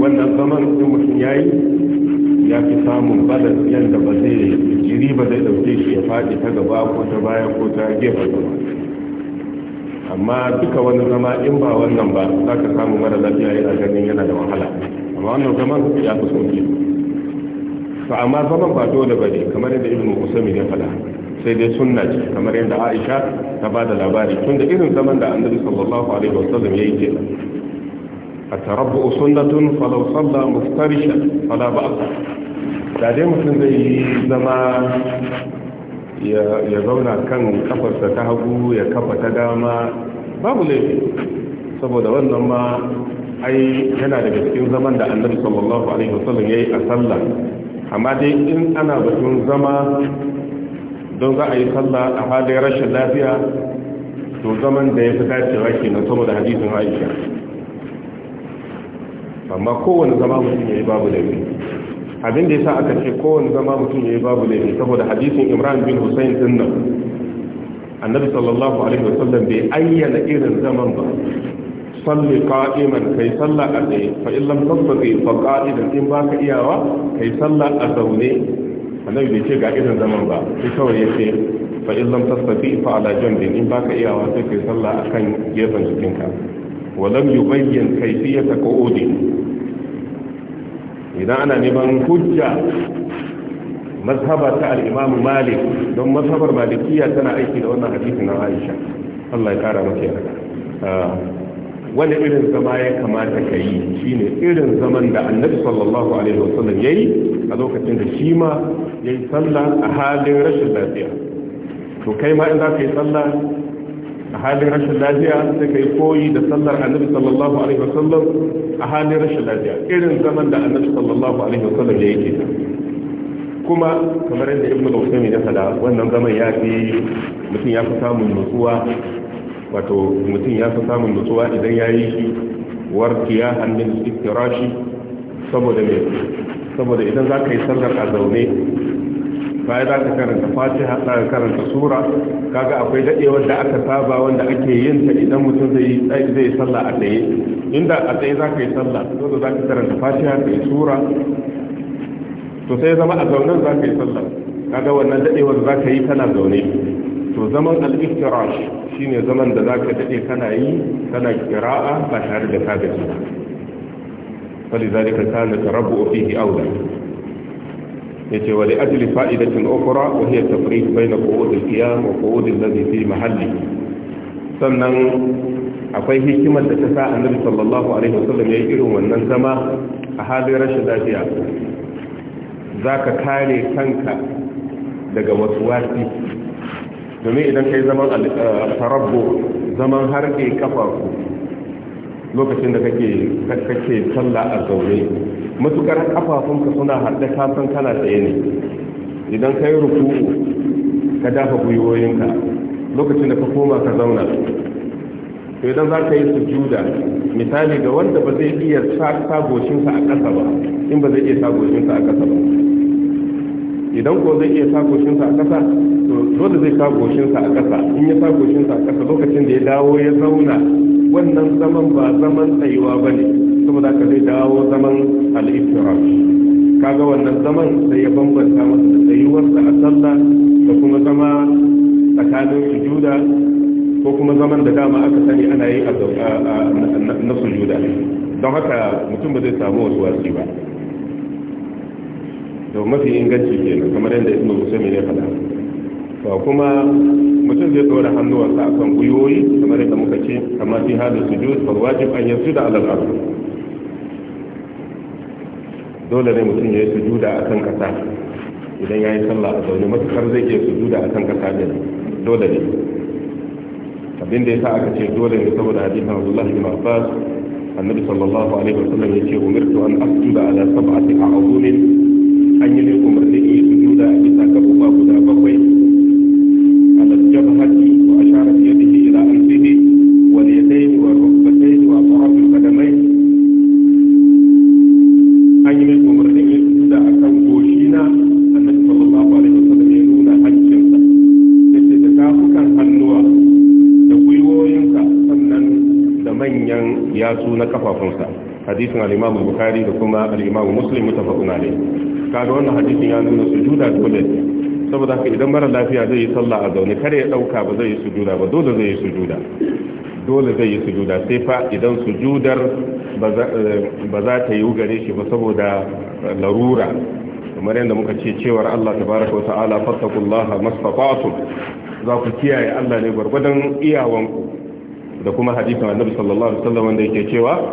wannan zaman da mutum ya yi ya fi samun balan yadda ba zai jiri ba zai ɗauke shi ya faɗi ta gaba ko ta baya ko ta gefe gaba amma duka wani zama in ba wannan ba za ka samu mara lafiya yana ganin yana da wahala amma wannan zaman ya fi sauki to amma zaman ba dole ba ne kamar yadda ibn musami ya faɗa sai dai sunna ce kamar yadda aisha ta ba da labari tun da irin zaman da annabi sallallahu alaihi wasallam yi ke a tarabbu sunnatun falau salla muftarisha fala ba'd da dai mutum zai yi zama ya zauna kan kafarsa ta hagu ya kafa ta dama babu laifi saboda wannan ma ai yana daga cikin zaman da annabi sallallahu alaihi wasallam yi a sallah amma dai in ana batun zama don za a yi sallah a halin rashin lafiya to zaman da ya fi dacewa ke na saboda hadisin aisha amma kowane zama mutum ya yi babu laifi abin da ya sa aka ce kowane zama mutum ya yi babu laifi saboda hadisin imran bin hussein din nan annabi sallallahu alaihi wasallam bai ayyana irin zaman ba salli qa'iman kai sallah a tsaye fa in lam tastati fa qa'idan in baka iyawa kai sallah a zaune annabi bai ce ga irin zaman ba sai kawai ya ce fa in lam tastati fa ala jambin in baka iyawa sai kai sallah akan gefen jikinka wa lam yubayyin kayfiyata qu'udi idan ana neman hujja mazhaba ta al-imam malik don mazhabar malikiya tana aiki da wannan hadisin na Aisha Allah ya kara yarda ah, wani irin zama ya kamata ka yi shine irin zaman da annabi sallallahu alaihi wasallam yayi a lokacin da shi ma ya yi sallah a halin rashin lafiya to kai ma in za ka yi sallah a halin rashin lafiya sai ka yi koyi da sallar annabi sallallahu alaihi wasallam a halin rashin lafiya irin zaman da annabi sallallahu alaihi wasallam ya yake ta kuma kamar yadda ibnu al-usaymin ya faɗa wannan zaman ya fi mutum ya fi samun nutsuwa wato mutum ya fi samun nutsuwa idan ya yi shi warkiya hannun iftirashi saboda me saboda idan za ka yi sallar a zaune bayan za ka karanta fatiha za ka karanta sura kaga akwai dadewar da aka saba wanda ake yin ta idan mutum zai zai sallah a tsaye inda a tsaye za ka yi sallah dole za ka karanta fatiha ka yi sura to sai zama a zaunen za ka yi sallah kaga wannan dadewar za ka yi kana zaune to zaman al-iftirash shine zaman da zaka daɗe kana yi kana kira'a ba tare da ka gaji ba falizalika kana tarabbu fihi awla yace wa li ajli fa'idatin ukhra wa hiya tafriq bayna qu'ud al-qiyam wa qu'ud alladhi fi mahalli sannan akwai hikimar da ta sa annabi sallallahu alaihi wasallam yi irin wannan zama a halin rashin lafiya zaka kare kanka daga wasuwasi domin idan kai zaman eh, tarabbu zaman harke kafafu lokacin da kake kake sallah a zaune matukar kafafunka suna haɗe kasan san kana tsaye ne idan ka yi ruku'u ka dafa gwiwoyinka lokacin da ka koma ka zauna to idan za ka yi sujuda misali ga wanda ba zai iya sagoshinsa a ƙasa ba in ba zai iya sagoshinsa a ƙasa ba idan ko zai iya sagoshinsa a ƙasa to dole zai sagoshinsa a ƙasa in ya sagoshinsa a ƙasa lokacin da ya dawo ya zauna wannan zaman ba zaman tsayuwa ba ne saboda ka zai dawo zaman al'ifirar kaga wannan zaman sai ya bambanta masa da tsayuwar da asalla da kuma zama tsakanin sujuda ko kuma zaman da dama aka sani ana yi na sujuda don haka mutum ba zai samu wasu wasi ba da mafi inganci kenan kamar yadda ibn musulmi ne faɗa to kuma mutum zai dora hannuwansa kan gwiwoyi kamar yadda muka ce amma fi halin sujud fa wajib an yanzu da al dole ne mutum ya yi sujuda a kan kasa idan ya yi sallah a zaune matukar zai iya sujuda a kan kasa ne dole ne abin da ya sa aka ce dole ne saboda hadisin abdullahi bin abbas annabi sallallahu alaihi wasallam ya ce umirtu an asjuda ala sab'ati a'zumin hadisin al-Imam Bukhari da kuma al-Imam Muslim mutafaqun alayh kaga wannan hadisin ya nuna sujuda dole saboda haka idan mara lafiya zai yi sallah a zaune kare ya ɗauka ba zai yi su juda ba dole zai yi su juda dole zai yi su juda sai fa idan su judar eh, ba za ta yi gare shi ba saboda larura kamar yadda muka ce cewar Allah Ta baraka tabaraka wata'ala fattakullaha mastata'tum za ku kiyaye Allah ne gwargwadon iyawanku da kuma hadisin Annabi sallallahu alaihi wasallam wanda yake cewa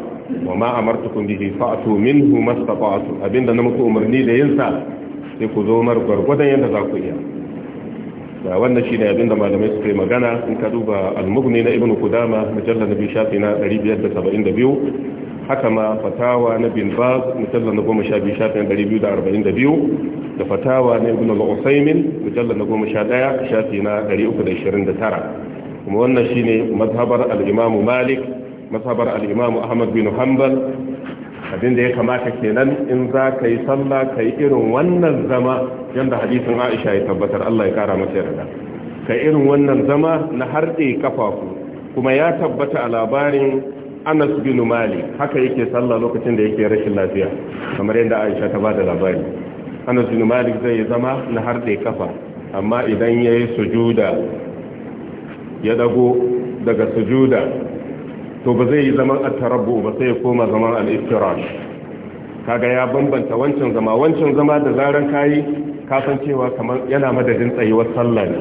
wa ma amartukum bihi fa'tu minhu mastata'tu abinda na muku umarni da yin sa sai ku zo mar gurgudan yanda za ku iya da wannan shine abinda malamai suka yi magana in ka duba al-mughni na ibnu qudama mujallal nabi shafi na 572 haka ma fatawa na bin baz mujallal na goma shafi na 242 da fatawa na ibnu al-usaymin mujallal na 11 shafi na 329 kuma wannan shine mazhabar al-imamu malik masabar al'imamu ahmad bin hanbal abin da ya kamata kenan in za ka yi sallah ka yi irin wannan zama yadda hadisin aisha ya tabbatar allah ya kara masa yarda ka irin wannan zama na harɗe kafafu kuma ya tabbata a labarin anas bin mali haka yake sallah lokacin da yake rashin lafiya kamar yadda aisha ta bada labari anas bin mali zai zama na harɗe kafa amma idan ya yi sujuda ya dago daga sujuda to ba zai yi zaman at ba sai ya koma zaman al-iftirash kaga ya bambanta wancan zama wancan zama da zaran kayi ka san cewa kamar yana madadin tsayuwar sallah ne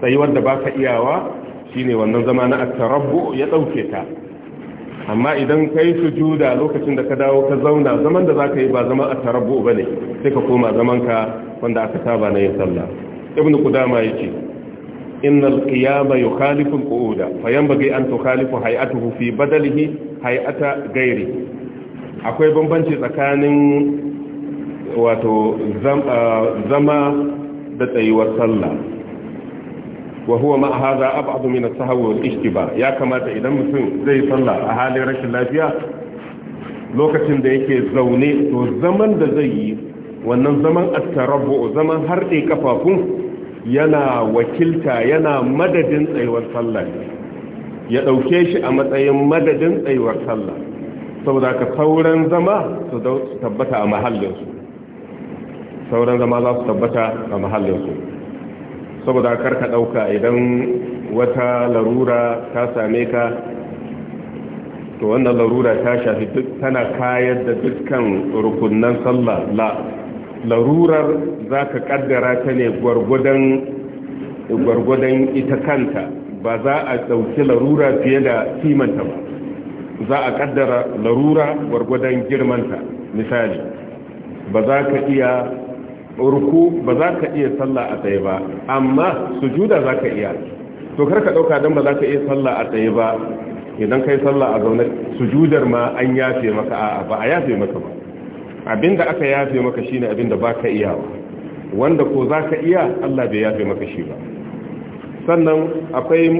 tsayuwar da baka iyawa shine wannan zama na at ya dauke ta amma idan kai sujuda lokacin da ka dawo ka zauna zaman da zaka yi ba zaman at bane sai ka koma zaman ka wanda aka saba na yin sallah ibnu qudama yake إن القيام يخالف القعود فينبغي أن تخالف هيئته في بدله هيئة غيره akwai bambanci tsakanin wato ah, zama da tsayuwar sallah wa huwa ma hadha ab'adu ya kamata idan mutum zai sallah a halin rashin lafiya lokacin da yake zaune to zaman da zai yi wannan zaman at-tarabbu zaman harɗe kafafun yana wakilta yana madadin tsayuwar sallah ya dauke shi a matsayin madadin tsayuwar sallah saboda ka sauran zama su tabbata a mahallinsu sauran zama za su tabbata a mahallinsu saboda karka ɗauka idan wata larura ta same ka to wannan larura ta shafi tana kayar da dukkan rukunan sallah la larurar za ka kaddara ta ne gwargwadon ita kanta ba za a ɗauki larura fiye da kimanta ba za a kaddara larura gwargwadon girmanta misali ba za ka iya ruku ba za ka iya sallah a tsaye ba amma sujuda za ka iya to kar ka ɗauka don ba za ka iya sallah a tsaye ba idan kai sallah a zaune sujudar ma an yafe maka a'a ba a yafe maka ba abinda aka yafe maka shine abinda baka iya wanda ko zaka iya Allah bai yafe maka shi ba sannan akwai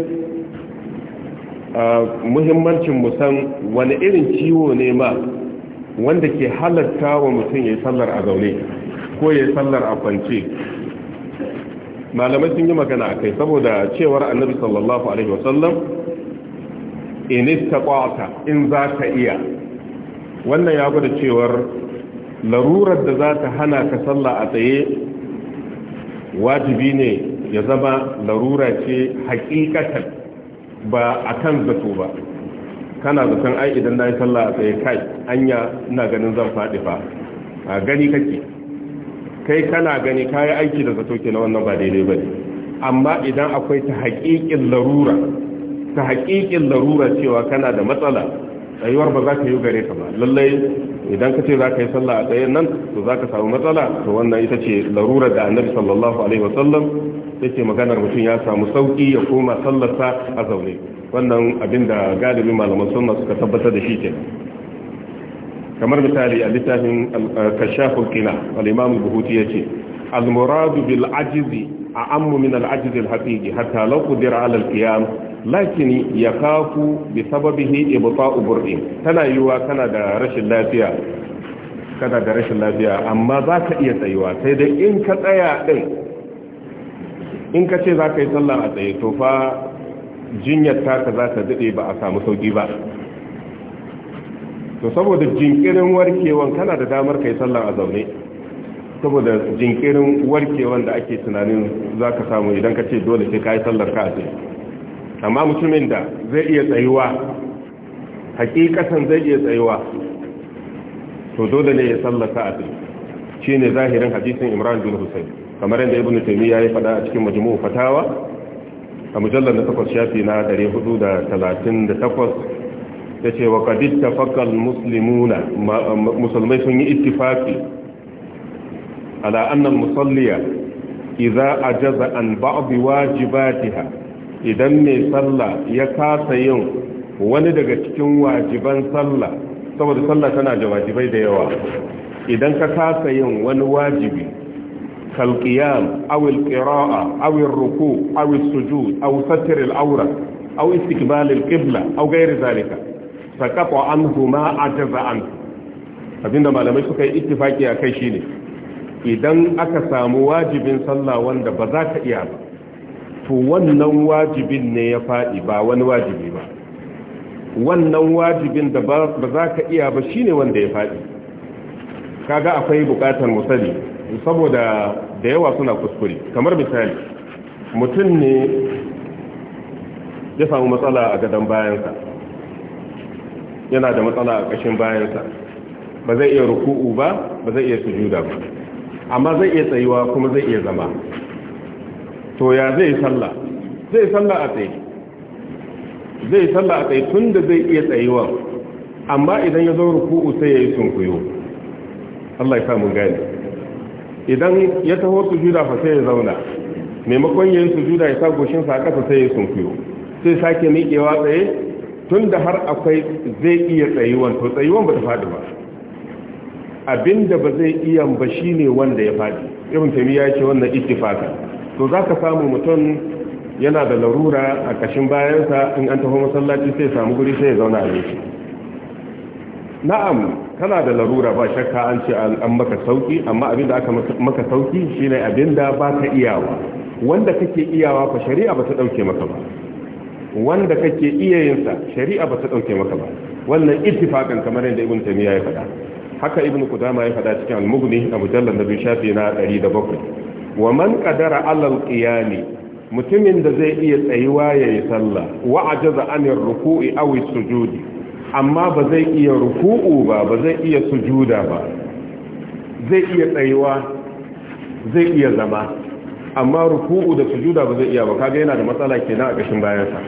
ah, muhimmancin mu wani irin ciwo ne ma wanda ke halarta wa mutum ya yi sallar a zaune ko ya yi sallar a kwance malamai sun yi magana a kai saboda cewar annabi sallallahu alaihi wasallam in istaqata in za ka iya wannan ya gwada cewar larurar da za ta hana ka sallah a tsaye wajibi ne ya zama larura ce hakikatan ba a kan zato ba kana zaton ai idan na yi sallah a tsaye kai anya ina ganin zan faɗi ba a gani kake kai kana gani kayi aiki da zato ke na wannan ba daidai ba amma idan akwai ta hakikin larura ta hakikin larura cewa kana da matsala tsayuwar ba za ka yi gare ka ba lallai idan ka ce za ka yi sallah a tsayen nan to za ka samu matsala to wannan ita ce larurar da annabi sallallahu alaihi wasallam yake maganar mutum ya samu sauki ya koma sallarsa a zaune wannan abin da galibin malaman sunna suka tabbatar da shi ke kamar misali a littafin kashaful kina al-imam ya buhuti yace al-muradu bil ajzi a'ammu min al-ajzi al hatta law qudira lakini ya kafu bi sababihi ibta'u bur'in tana yiwa kana da rashin lafiya kana da rashin lafiya amma za ka iya tsayuwa sai dai in ka tsaya din in ka ce za ka yi sallah a tsaye to fa jinyar taka za ta dade ba a samu sauki ba to saboda jinkirin warkewan kana da damar ka yi sallah a zaune saboda jinkirin warkewan da ake tunanin za ka samu idan ka ce dole sai ka yi sallar ka a tsaye amma mutumin da zai iya tsayuwa hakikatan zai iya tsayuwa to dole ne ya sallata a shi ne zahirin hadisin imran bin husayn kamar yadda ibn taymiya ya faɗa a cikin majmu'u fatawa a mujallar na takwas shafi na 438 ya ce wa kadid fakal muslimuna musulmai sun yi ittifaki ala annal musalliya idza ajaza an ba'd wajibatiha idan mai sallah ya kasa yin wani daga cikin wajiban sallah saboda sallah tana da wajibai da yawa idan ka kasa yin wani wajibi kalqiyam awil alqira'a awil ruku awil suju sujud aw satr al-awra aw istiqbal al-qibla aw ghayr zalika faqata anhu ma an abinda malamai suka yi ittifaki akai shine idan aka samu wajibin sallah wanda ba za ka iya ba to wannan wajibin ne ya faɗi ba wani wajibi ba wannan wajibin da ba za ka iya ba shine wanda ya faɗi kaga akwai bukatar musali saboda da yawa suna kuskure kamar misali mutum ne ya samu matsala a gadon bayansa yana da matsala a ƙashin bayansa ba zai iya ruku'u ba ba zai iya sujuda ba amma zai iya tsayuwa kuma zai iya zama to ya zai sallah zai sallah a tsaye zai sallah a tsaye tun da zai iya tsayewa amma idan ya zo ruku'u sai ya yi sunkuyo Allah ya sa mun gani. idan ya taho sujuda fa sai ya zauna maimakon su sujuda ya sa goshin sa kasa sai ya yi sunkuyo sai sake miƙewa tsaye tun da har akwai zai iya tsayuwan to tsayuwan ba ta faɗi ba abinda ba zai iya ba shine wanda ya faɗi ibn taymiya ya ce wannan ittifaqan to za ka samu mutum yana da larura a ƙashin bayansa in an taho masallaci sai samu guri sai ya zauna a yake na'am kana da larura ba shakka an ce an maka sauki amma abin da aka maka sauki shine da ba ka iyawa wanda kake iyawa fa shari'a ba ta dauke maka ba wanda kake iya yin shari'a ba ta dauke maka ba wannan ittifaqan kamar yadda ibn taymiya ya faɗa haka ibn kudama ya faɗa cikin al-mughni a mujallal nabi shafi na 107 wa man qadara alal qiyami mutumin da zai iya tsayuwa yayi sallah wa ajaza anir ruku'i aw sujudi amma ba zai iya ruku'u ba ba zai iya sujuda ba zai iya tsayuwa zai iya zama amma ruku'u da sujuda ba zai iya ba kaga yana da matsala kenan a gashin bayan sa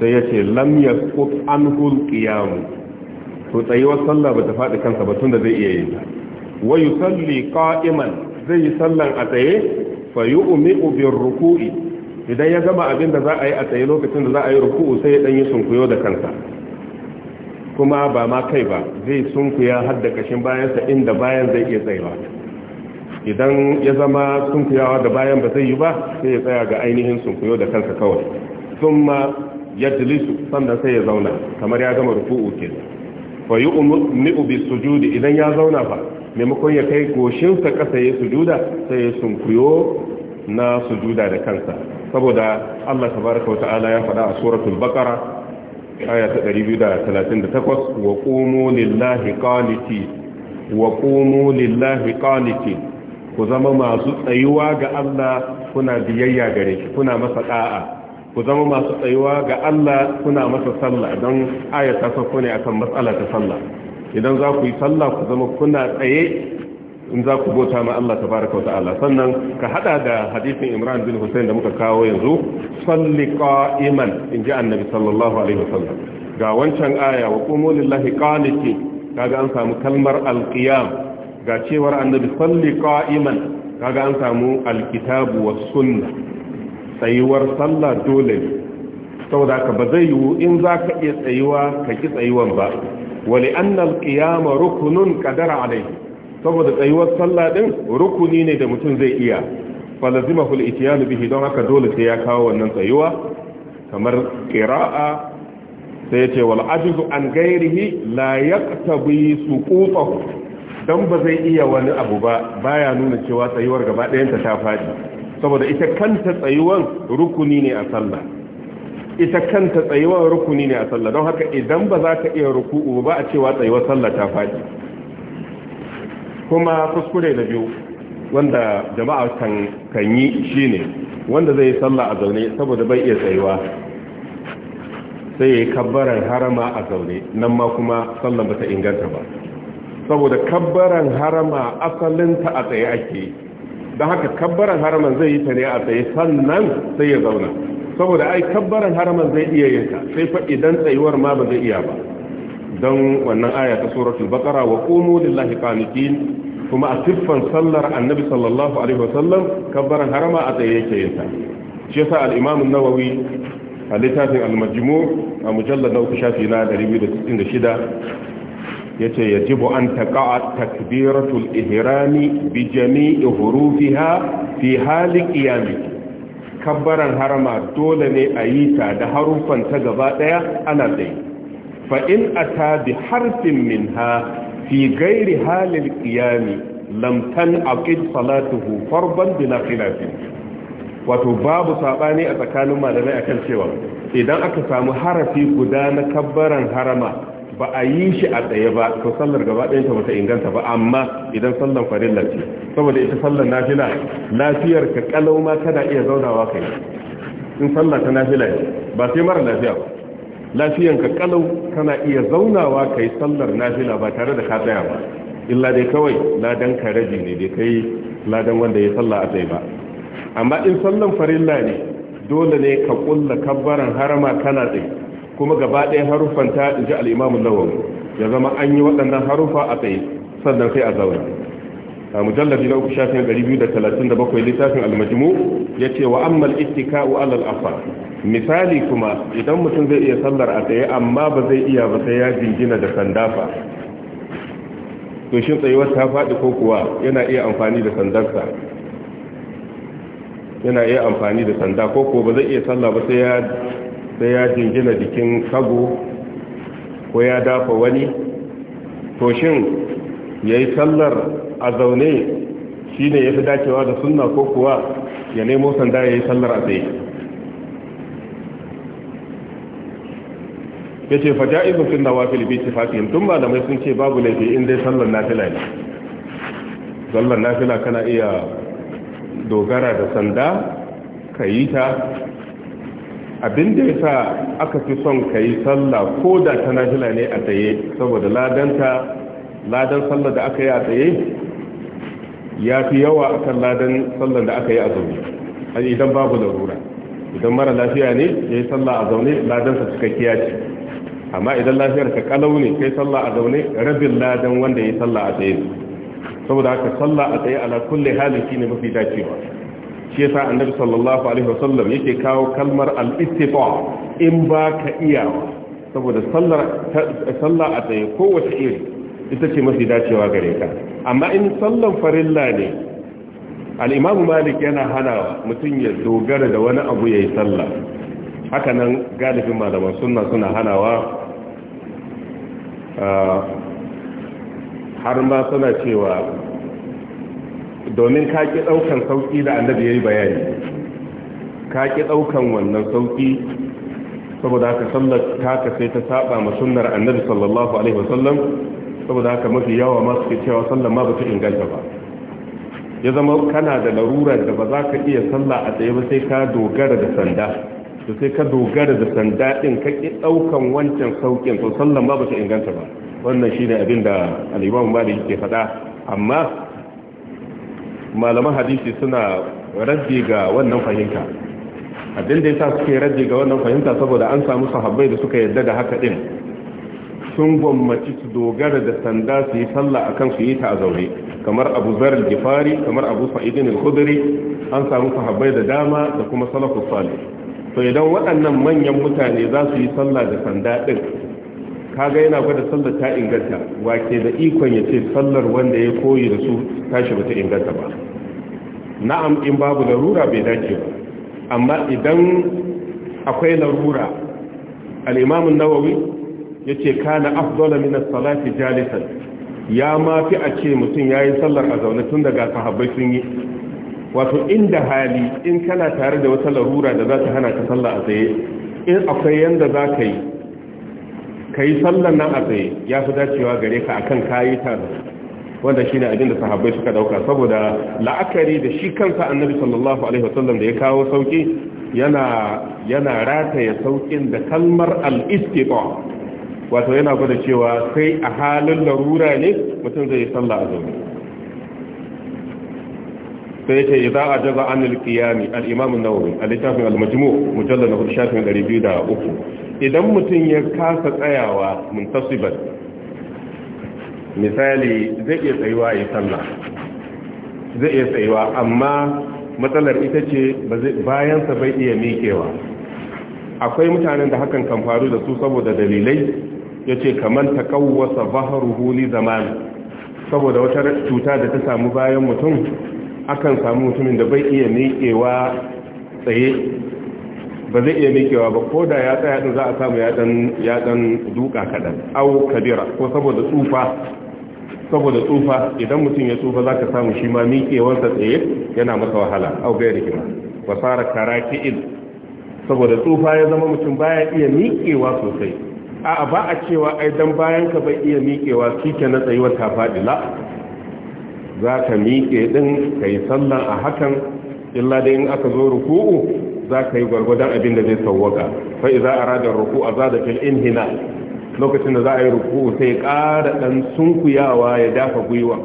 sai yace lam yasqut anhu alqiyam to tsayuwar sallah ba ta faɗi kansa ba tunda zai iya yin ta Wai yusalli qa'iman zai yi sallan a tsaye fa yu'mi'u bir ruku'i idan ya gama abin da za a yi a tsaye lokacin da za a yi ruku'u sai ya dan yi sunkuyo da kansa kuma ba ma kai ba zai sunkuya har da kashin bayansa inda bayan zai iya tsayawa idan ya zama sunkuyawa da bayan ba zai yi ba sai ya tsaya ga ainihin sunkuyo da kansa kawai sun ma ya jilisu sannan sai ya zauna kamar ya gama ruku'u ke fa yi umi'u bi sujudi idan ya zauna fa maimakon ya kai goshinsa kasa ya sujuda sai ya sunkuyo na sujuda da kansa saboda Allah tabaraka wa ta'ala ya faɗa a suratul baqara aya ta 238 wa qumu lillahi qaniti wa qumu lillahi qaniti ku zama masu tsayuwa ga Allah kuna biyayya gare shi kuna masa da'a ku zama masu tsayuwa ga Allah kuna masa sallah don aya ta sako ne akan matsala ta sallah idan za ku yi sallah ku zama kuna tsaye in za ku bota ma Allah tabaraka wata'ala sannan ka hada da hadisin Imran bin Hussein da muka kawo yanzu salli qa'iman in ji annabi sallallahu alaihi wasallam ga wancan aya wa qumu lillahi qaniti kaga an samu kalmar alqiyam ga cewar annabi salli qa'iman kaga an samu alkitabu was sunna tsayuwar sallah dole ne saboda ka ba zai yiwu in za ka iya tsayuwa ka ki tsayuwan ba wali annal rukunin rukunun qadara alayhi saboda tsayuwar sallah din rukuni ne da mutum zai iya falazimahu al-ityan bihi don haka dole sai ya kawo wannan tsayuwa kamar qira'a sai yace wal ajizu an ghairihi la yaqtabi suqutahu dan ba zai iya wani abu ba baya nuna cewa tsayuwar gaba ɗayan ta ta fadi saboda ita kanta tsayuwan rukuni ne a sallah ita kanta tsayuwar rukuni ne a sallah don haka idan ba za ka iya ruku'u ba a cewa tsayuwar sallah ta faɗi kuma kuskure da biyu wanda jama'a kan kan yi shine wanda zai yi sallah a zaune saboda bai iya tsayuwa sai ya yi kabbaran harama a zaune nan ma kuma sallah ba ta inganta ba saboda kabbaran harama asalinta a tsaye ake don haka kabbaran haraman zai yi ta ne a tsaye sannan sai ya zauna saboda ai kabbaran haraman zai iya yanka sai fa idan tsayuwar ma ba zai iya ba don wannan aya ta suratul baqara wa qumu lillahi qanitin kuma a siffan sallar annabi sallallahu alaihi wasallam kabbaran harama a tsaye yake yinta shi yasa al-imam an-nawawi a littafin al-majmu a mujallad na uku shafi na 266 yace yajibu an taqa'a takbiratul ihrami bi jami'i hurufiha fi hali qiyamika kabbaran harama dole ne a yi ta da ta gaba ɗaya ana dai fa in ta bi harfin minha fi gairi halin qiyami lam tanqid salatuhu farban bila wato babu saɓani a tsakanin malamai kan cewa idan aka samu harafi guda na kabbaran harama ba a yi shi a tsaye ba to sallar gaba ba ta bata inganta ba amma idan sallar farilla ce saboda ita sallar nafila lafiyar ka kalau ma kana iya zaunawa kai in sallar ta nafila ne ba sai mara lafiya ba lafiyan ka kalau kana iya zaunawa kai sallar nafila ba tare da ka tsaya ba illa dai kawai ladan ka raji ne dai kai ladan wanda ya salla a tsaye ba amma in sallar farilla ne dole ne ka kulla kabbaran harama kana tsaye kuma gaba ɗaya haruffan ta ji al'imamun lawan ya zama an yi waɗannan haruffa a tsaye sannan sai a zaune. a mujallabi na uku shafin 237 littafin almajmu ya ce wa ammal ittika wa alal afa misali kuma idan mutum zai iya sallar a tsaye amma ba zai iya ba sai ya jingina da sandafa to shin tsayuwar ta faɗi ko kuwa yana iya amfani da sandarsa yana iya amfani da sanda ko ko ba zai iya sallah ba sai ya sai ya jingina jikin kago ko ya dafa wani to shin ya yi sallar a zaune shi ne ya fi dacewa da sunna ko kuwa ya nemo sanda ya yi sallar a tsaye ya ce faja'izun fin nawafil bi tifafin tun malamai sun ce babu laifi in dai sallar nafila ne sallar nafila kana iya dogara da sanda ka yi ta abin da ya sa aka fi son ka yi sallah ko da ta najila ne a tsaye saboda ladanta ladan sallah da aka yi a tsaye ya fi yawa a kan ladan sallah da aka yi a zaune idan babu larura idan mara lafiya ne ya yi sallah a zaune ladansa cikakkiya ce amma idan lafiyar ka kalau ne kai sallah a zaune rabin ladan wanda ya yi sallah a tsaye saboda haka sallah a tsaye ala kulle halin shine mafi dacewa shi yasa annabi sallallahu alaihi wasallam yake kawo kalmar al-istifa in ba ka iyawa saboda sallar sallah a tsaye kowace iri ita ce mafi dacewa gare ka amma in sallan farilla ne al-imamu malik yana hana mutum ya dogara da wani abu yayi sallah haka nan galibin malaman sunna suna hanawa ah, har ma suna cewa domin ka ki ɗaukan sauƙi da annabi ya yi bayani ka ki ɗaukan wannan sauƙi saboda haka sallar taka sai ta saba ma sunnar annabi sallallahu alaihi wasallam saboda haka mafi yawa ma suke cewa sallar ma ba ta inganta ba ya zama kana da larurar da ba za ka iya sallah a tsaye ba sai ka dogara da sanda to sai ka dogara da sanda din ka ki ɗaukan wancan sauƙin to sallar ma ba ta inganta ba wannan shine abin da al-Imam Malik ke faɗa amma malaman hadisi suna raddi ga wannan fahimta abin da yasa suke raddi ga wannan fahimta saboda an samu sahabbai da suka yarda da haka din sun gwammaci su dogara da sanda su yi sallah akan su yi ta a zaune kamar abu zar gifari kamar abu sa'idin al-khudri an samu sahabbai da dama da kuma salafus salih to idan waɗannan manyan mutane za su yi sallah da sanda din kaga yana gwada sallar ta inganta wa ke da ikon ya ce sallar wanda ya koyi da su tashi bata inganta ba na'am in babu larura bai dace ba amma idan akwai larura al-imamun nawawi yace kana afdala min as-salati jalisan ya ma fi a ce mutum yayi sallar a zaune tun daga sahabbai sun yi wato inda hali in kana tare da wata larura da za ta hana ka sallar a tsaye in akwai yanda za ka yi ka yi sallan nan a tsaye ya fi dacewa gare ka akan kayi ta wanda shi ne abinda sahabbai suka dauka saboda la'akari da shi kansa annabi sallallahu alaihi wasallam da ya kawo sauki yana yana rataya saukin da kalmar al-istiqa wato yana gwada cewa sai a halin larura ne mutum zai yi sallah a zaune sai ce idza ajaza an al-qiyam al-imam an-nawawi al-littafin al-majmu' mujallad 13 idan mutum ya kasa tsayawa muntasiban misali zai iya tsayuwa ya sallah zai iya tsayuwa amma matsalar ita ce bayansa bai iya mikewa akwai mutanen da hakan kan faru da su saboda dalilai ya ce kamar ta kawwasa baharuhu li zamani saboda wata cuta da ta samu bayan mutum akan samu mutumin da bai iya miƙewa tsaye ba zai iya mikewa ba ko da ya tsaya din za a samu ya dan duka kadan au kabira ko saboda tsufa saboda tsufa idan mutum ya tsufa zaka samu shi ma mikewarsa tsaye yana masa wahala au gairi kima fara karaki'in saboda tsufa ya zama mutum baya iya mikewa sosai a'a ba a cewa ai dan bayan ka bai iya mikewa kike na tsayuwar ta faɗi la za ka miƙe din ka yi sallan a hakan illa da in aka zo ruku'u za ka yi gwargwadon abin da zai sauwaka fa iza arada ruku a zada fil inhina lokacin da za a yi ruku sai kara dan sunkuyawa ya dafa gwiwa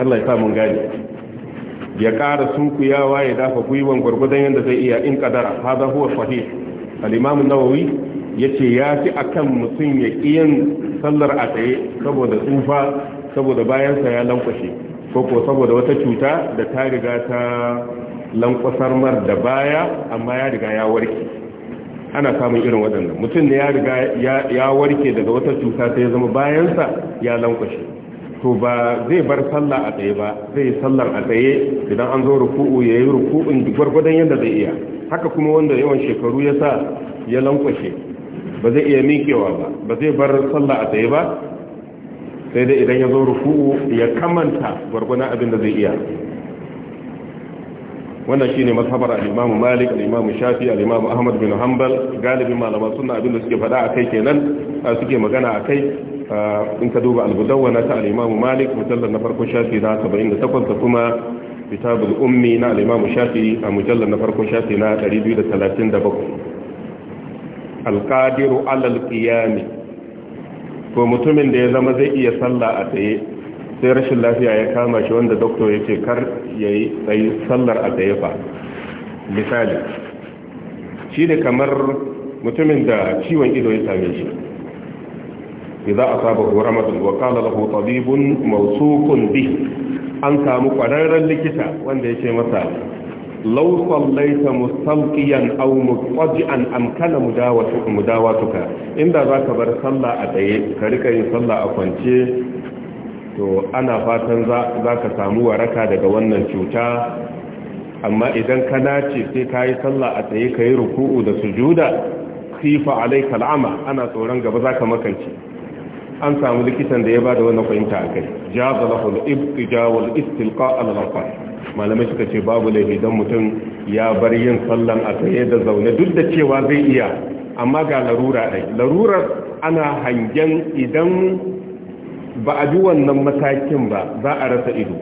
Allah ya samun gani ya kara sunkuyawa ya dafa gwiwan gwargwadon yadda zai iya in kadara hada huwa sahih al-imam an-nawawi yace ya fi akan mutum ya kiyan sallar a tsaye saboda tsufa saboda bayansa ya lankwashe ko ko saboda wata cuta da ta riga ta lankwasar mar da baya amma ya riga ya warke ana samun irin waɗannan mutum ne ya riga ya warke daga wata cuta ta ya zama bayansa ya lankwashe to ba zai bar sallah a tsaye ba zai yi sallar a tsaye idan an zo ruku'u ya yi ruku'un gwargwadon yadda zai iya haka kuma wanda yawan shekaru ya sa ya lankwashe ba zai iya miƙewa ba ba zai bar sallah a tsaye ba sai dai idan ya zo ruku'u ya kamanta gwargwadon abin da zai iya wannan shine mazhabar al-Imam Malik al-Imam Shafi al-Imam Ahmad bin Hanbal galibin malama sunna abinda suke a akai kenan suke magana akai in ka duba al-Mudawwana ta al-Imam Malik mujallal na farko Shafi na 78 da kuma Kitabul Ummi na al-Imam Shafi a mujallal na farko Shafi na 237 al-Qadiru 'ala al-qiyam ko mutumin da ya zama zai iya sallah a tsaye sai rashin lafiya ya kama shi wanda doktor ya ce kar ya yi tsayi sallar a tsaye misali shi ne kamar mutumin da ciwon ido ya same shi idan a saba horamatun wa kala lahu tabibun mausufun bi an samu kwararren likita wanda ya ce masa لو صليت مستلقيا او مضطجعا inda za ka bar sallah a صلى ka rika yin sallah a kwance to ana fatan za ka samu waraka daga wannan cuta amma idan ka dace sai ka yi sallah a tsaye ka yi ruku'u da sujuda kifa alai kalama. ana tsoron gaba za ka makance an samu likitan da ya ba da wannan fahimta a kai jaza ibtija wal istilqa al-rafa malamai suka ce babu laifi dan mutum ya bar yin sallan a tsaye da zaune duk da cewa zai iya amma ga larura ɗai larurar ana hangen idan ba a bi wannan matakin ba za a rasa ido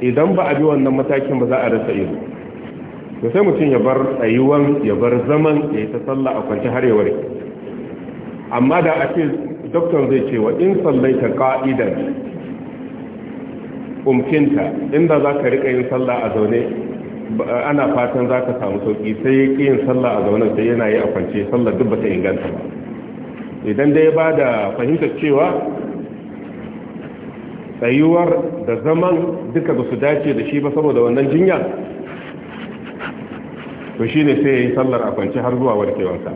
idan ba a bi wannan matakin ba za a rasa ido to sai mutum ya bar tsayuwan ya bar zaman ya yi ta sallah a kwanci har amma da ake ce zai ce wa in ta ka'idan umkinta inda za ka riƙa yin sallah a zaune ana fatan za ka samu sauƙi sai ya ƙi yin sallah a zaune sai yana yi a kwance sallah duk ba ta inganta ba idan dai ba da fahimtar cewa tsayuwar da zaman duka ba su dace da shi ba saboda wannan jinya to shi ne sai ya yi sallar a kwanci har zuwa warkewarsa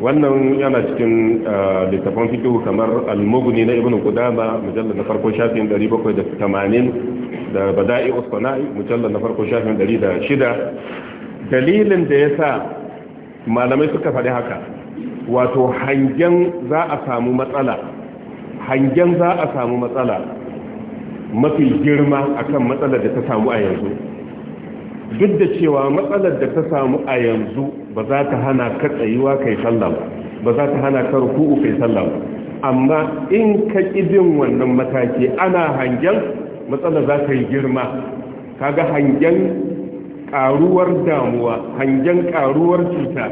wannan yana cikin uh, littafin fiƙi kamar almuguni na ibn kudama mujallar na farko shafin 780 da bada'i usmana'i mujallar na farko shafin 106 dalilin da ya sa malamai suka faɗi haka wato hangen za a samu matsala hangen za a samu matsala mafi girma akan matsalar da ta samu a yanzu duk da cewa matsalar da ta samu a yanzu ba za ta hana ka kai sallah ba za ta hana ka kai sallah amma in ka kidin wannan mataki ana hangen matsala za ta yi girma kaga hangen karuwar damuwa hangen karuwar cuta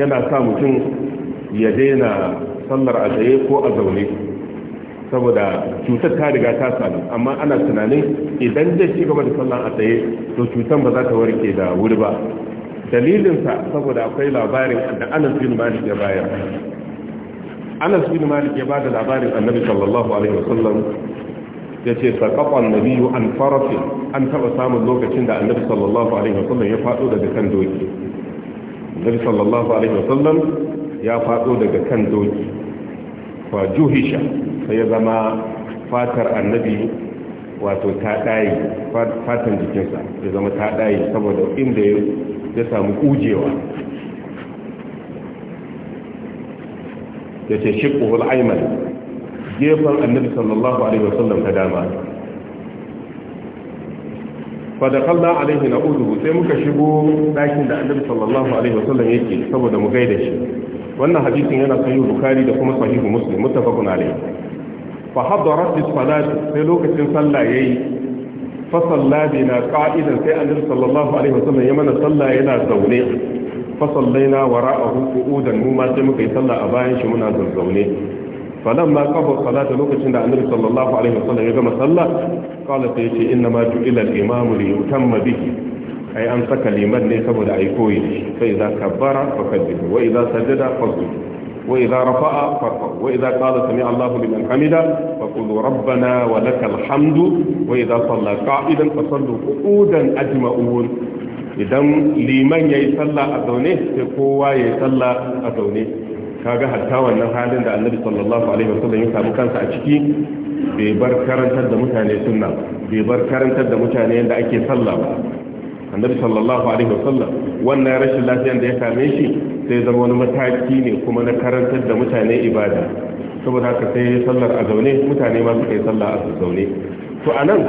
yana sa mutum ya daina sallar a tsaye ko a zaune saboda cutar ta riga ta sami amma ana tunanin idan zai ci gaba da sallar a tsaye to cutar ba za ta warke da wuri ba dalilinsa saboda akwai labarin da anas bin malik ya bayar anas bin malik ya bada labarin annabi sallallahu alaihi wasallam ya ce saƙaƙon nabiyu an farafi an taɓa samun lokacin da annabi sallallahu alaihi wasallam ya faɗo daga kan doki annabi sallallahu alaihi wasallam ya faɗo daga kan doki wa juhisha sai ya zama fatar annabi wato ta ɗaye fatan jikinsa ya zama ta ɗaye saboda inda ya samu kujewa ya ce shiƙuhul aiman gefen annabi sallallahu alaihi wasallam ta dama fadakalna alaihi na uzu sai muka shigo ɗakin da annabi sallallahu alaihi wasallam yake saboda mu gaida shi wannan hadisin yana sahih bukari da kuma sahih muslim muttafaqun alayh fa hadarat as-salat sai lokacin sallah yayi fa salla bina qa'idan sai annabi sallallahu alaihi wasallam ya mana sallah yana zaune fa sallaina wara'ahu qu'udan mu ma sai muka yi sallah a bayan shi muna zaune فلما قضى الصلاة لوكشن النبي صلى الله عليه وسلم يجمع صلى قال سيتي إنما جئل الإمام ليتم به ai an saka liman ne saboda ai koyi sai za ka bara fa kaddihu wa idza sajada fasjud wa idza rafa'a farfa wa idza qala sami Allahu liman hamida fa qulu rabbana wa lakal hamdu wa idza salla qa'idan fa sallu qu'udan ajma'un idan liman yayi sallah a zaune sai kowa yayi sallah a zaune kaga hatta wannan halin da Annabi sallallahu alaihi wasallam ya samu kansa a ciki bai bar karantar da mutane sunna bai bar karantar da mutane yadda ake sallah ba annabi sallallahu alaihi wasallam wannan rashin lafiyar da ya same shi sai zama wani mataki ne kuma na karantar da mutane ibada saboda haka sai sallar a zaune mutane ma suka yi sallah a zaune to anan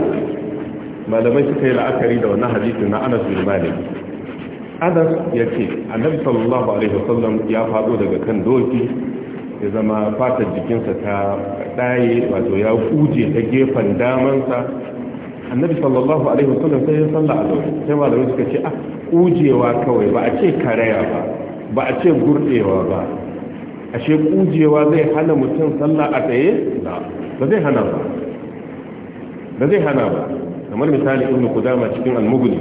malamai suka yi la'akari da wannan hadisi na Anas bin Malik Anas yace annabi sallallahu alaihi wasallam ya fado daga kan doki ya zama fatar jikinsa ta ɗaye wato ya kuje ta gefen damansa annabi sallallahu alaihi wasallam sai ya salla a zaune sai malamai suka ce a ah, kujewa kawai ba a ce karaya ba ba a ce gurɗewa ba ashe kujewa zai hana mutum sallah a tsaye ba zai hana ba ba zai hana ba kamar misali ibn qudama cikin al-mughni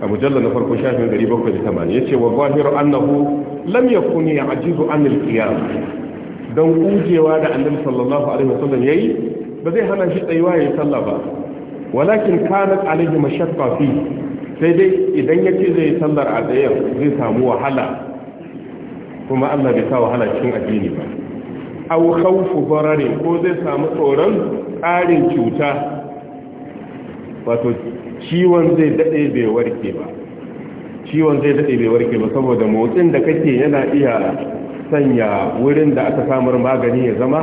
a mujallal na farko shafin da bakwai ya ce wa zahiru annahu lam yakun ya'jizu an al-qiyam dan kujewa da annabi sallallahu alaihi wasallam yayi ba zai hana shi tsayuwa ya sallah ba walakin kanat alaihi mashaqqa fi sai dai idan yake zai sallar a daya zai samu wahala kuma Allah bai sa wahala cikin addini ba aw khawfu darari ko zai samu tsoron ƙarin cuta wato ciwon zai dade bai warke ba ciwon zai dade bai warke ba saboda motsin da kake yana iya sanya wurin da aka samar magani ya zama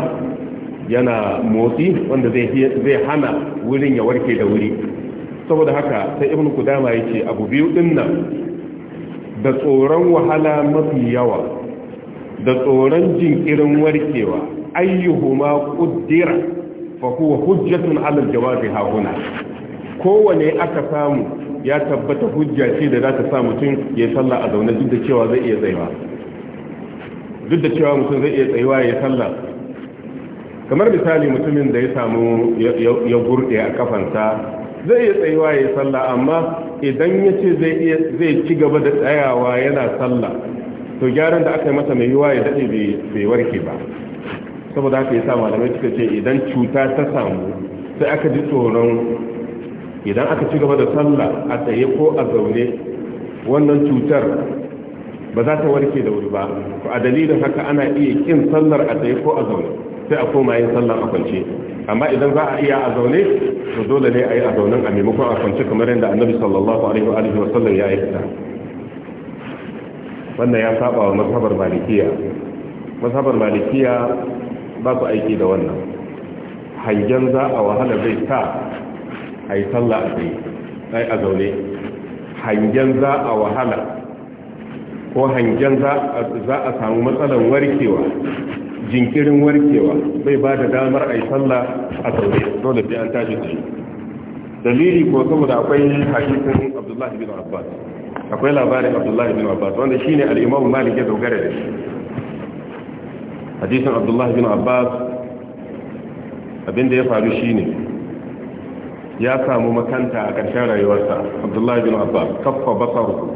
yana motsi wanda zai hana wurin ya warke da wuri saboda haka sai ibn kudama ya ce abu biyu din nan da tsoron wahala mafi yawa da tsoron jinkirin warkewa ayyuhuma kuddira fa huwa hujjatun ala jawabi hauna kowane aka samu ya tabbata hujja ce da za ta sa mutum ya sallah a zaune duk da cewa zai iya tsayawa duk da cewa mutum zai iya tsayawa ya sallah kamar misali mutumin da ya samu ya gurɗe a kafansa zai iya tsayuwa ya sallah amma idan ya ce zai ci gaba da tsayawa yana sallah to gyaran da aka yi masa mai yiwa ya daɗe bai warke ba saboda haka ya sa malamai suka ce idan cuta ta samu sai aka ji tsoron idan aka ci gaba da sallah a tsaye ko a zaune wannan cutar ba za ta warke da wuri ba a dalilin haka ana iya kin sallar a tsaye ko a zaune sai a koma yin sallar a kwance amma idan za a iya a zaune to dole ne a yi a zaunen a maimakon a kwance kamar yadda annabi sallallahu alaihi wa alihi wa sallam ya ta wannan ya saba wa mazhabar malikiya mazhabar malikiya ba ku aiki da wannan hangen za a wahala zai sa a yi sallah a sai a zaune hangen za a wahala ko hangen za a samu matsalan warkewa jinkirin warkewa bai ba da damar a yi sallah a sauye dole sai an tashi tsaye dalili ko saboda akwai hadisin abdullahi bin abbas akwai labarin abdullahi bin abbas wanda shine al-imam malik ya dogara da shi hadisin abdullahi bin abbas abinda ya faru shine ya samu makanta a ƙarshen rayuwarsa abdullahi bin abbas kafa basaru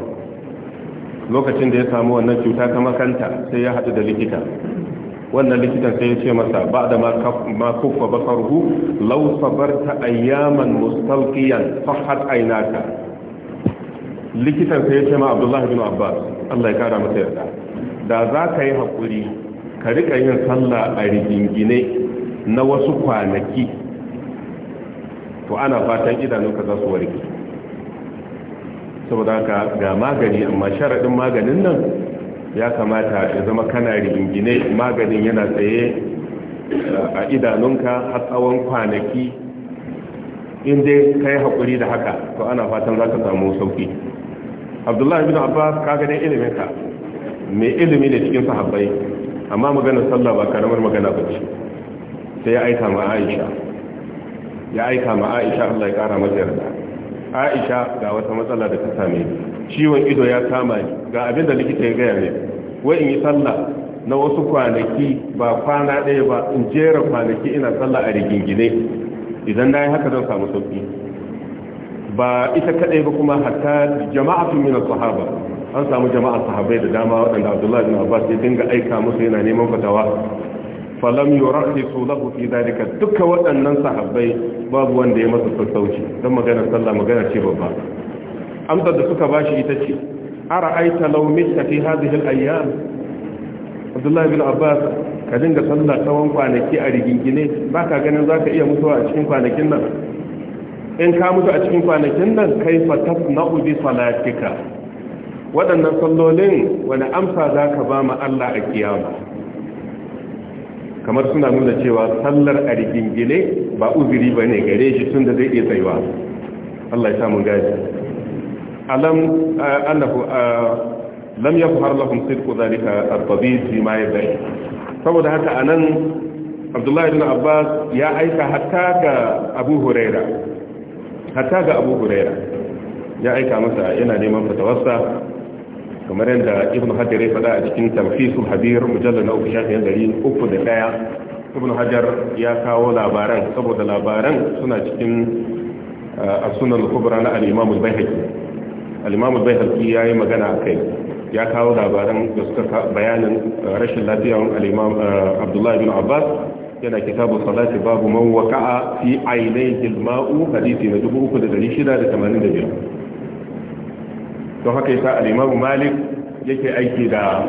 lokacin da ya samu wannan cuta ta makanta sai ya haɗu da likita wannan likitan sai ya ce masa ba da ma kuffa basarhu law sabarta ayyaman mustalqiyan fahad aynaka likitan sai ya ce ma Abdullahi bin Abbas Allah ya kara masa yarda da za ka yi hakuri ka rika yin sallah a rigingine na wasu kwanaki to ana fatan idanunka za su warke saboda ka ga magani amma sharaɗin maganin nan ya kamata ya zama kana rigingine maganin yana tsaye eh, a idanunka har tsawon kwanaki in dai yi haƙuri da haka to ana fatan za ka samu sauƙi. abdullahi bin abbas ka dai ilimin ka mai ilimi ne cikin sahabbai amma magana sallah ba karamar magana ba ce sai ya aika ma aisha ya aika ma aisha Allah ya kara mata yarda aisha ga wata matsala da ta same ni ciwon ido ya kama ni ga abin da likita ya gaya ne wai in yi sallah na wasu kwanaki ba kwana ɗaya ba in jera kwanaki ina sallah a rigingine idan na yi haka zan samu sauki ba ita kaɗai ba kuma hatta jama'a sun mina sahaba an samu jama'a sahabai da dama waɗanda abdullahi bin abbas ya dinga aika musu yana neman fatawa falam yurakhisu lahu fi dalika dukkan waɗannan sahabbai babu wanda ya masa sassauci don magana sallah magana ce babba amsar da suka bashi ita ce ara aita law fi hadhihi al-ayyam Abdullahi bin Abbas ka dinga sallah tsawon kwanaki a rigingine baka ganin zaka iya mutuwa a cikin kwanakin nan in ka mutu a cikin kwanakin nan kai kaifa tasna'u bi salatika waɗannan sallolin wani amsa za ka ba ma Allah a kiyama kamar suna nuna cewa sallar a rigingine ba uzuri ba ne gare shi tun da zai iya tsayuwa Allah ya samu gaji ألم آه، أنه آه، لم يظهر لهم صدق ذلك الطبيب فيما يبين فقد هكا أنن عبد الله بن عباس يا أيكا حتى أبو هريرة حتى أبو هريرة يا أيكا مساء إنا نمام تتوسط كما رأينا ابن حجر فدا أجكين تلخيص الحبير مجلد نوفي شاكي يندلين أبو دفايا ابن حجر يا كاو لاباران سبو دلاباران سنة أجكين آه، السنة الكبرى على الإمام البيهجي bai imamu ya yi magana kai ya kawo labaran da suka bayanin uh, rashin lafiyar al uh, ibn Abbas yana kitabu salati babu man fi aynayhi al hadisi na 3685 don haka yasa al Malik yake aiki da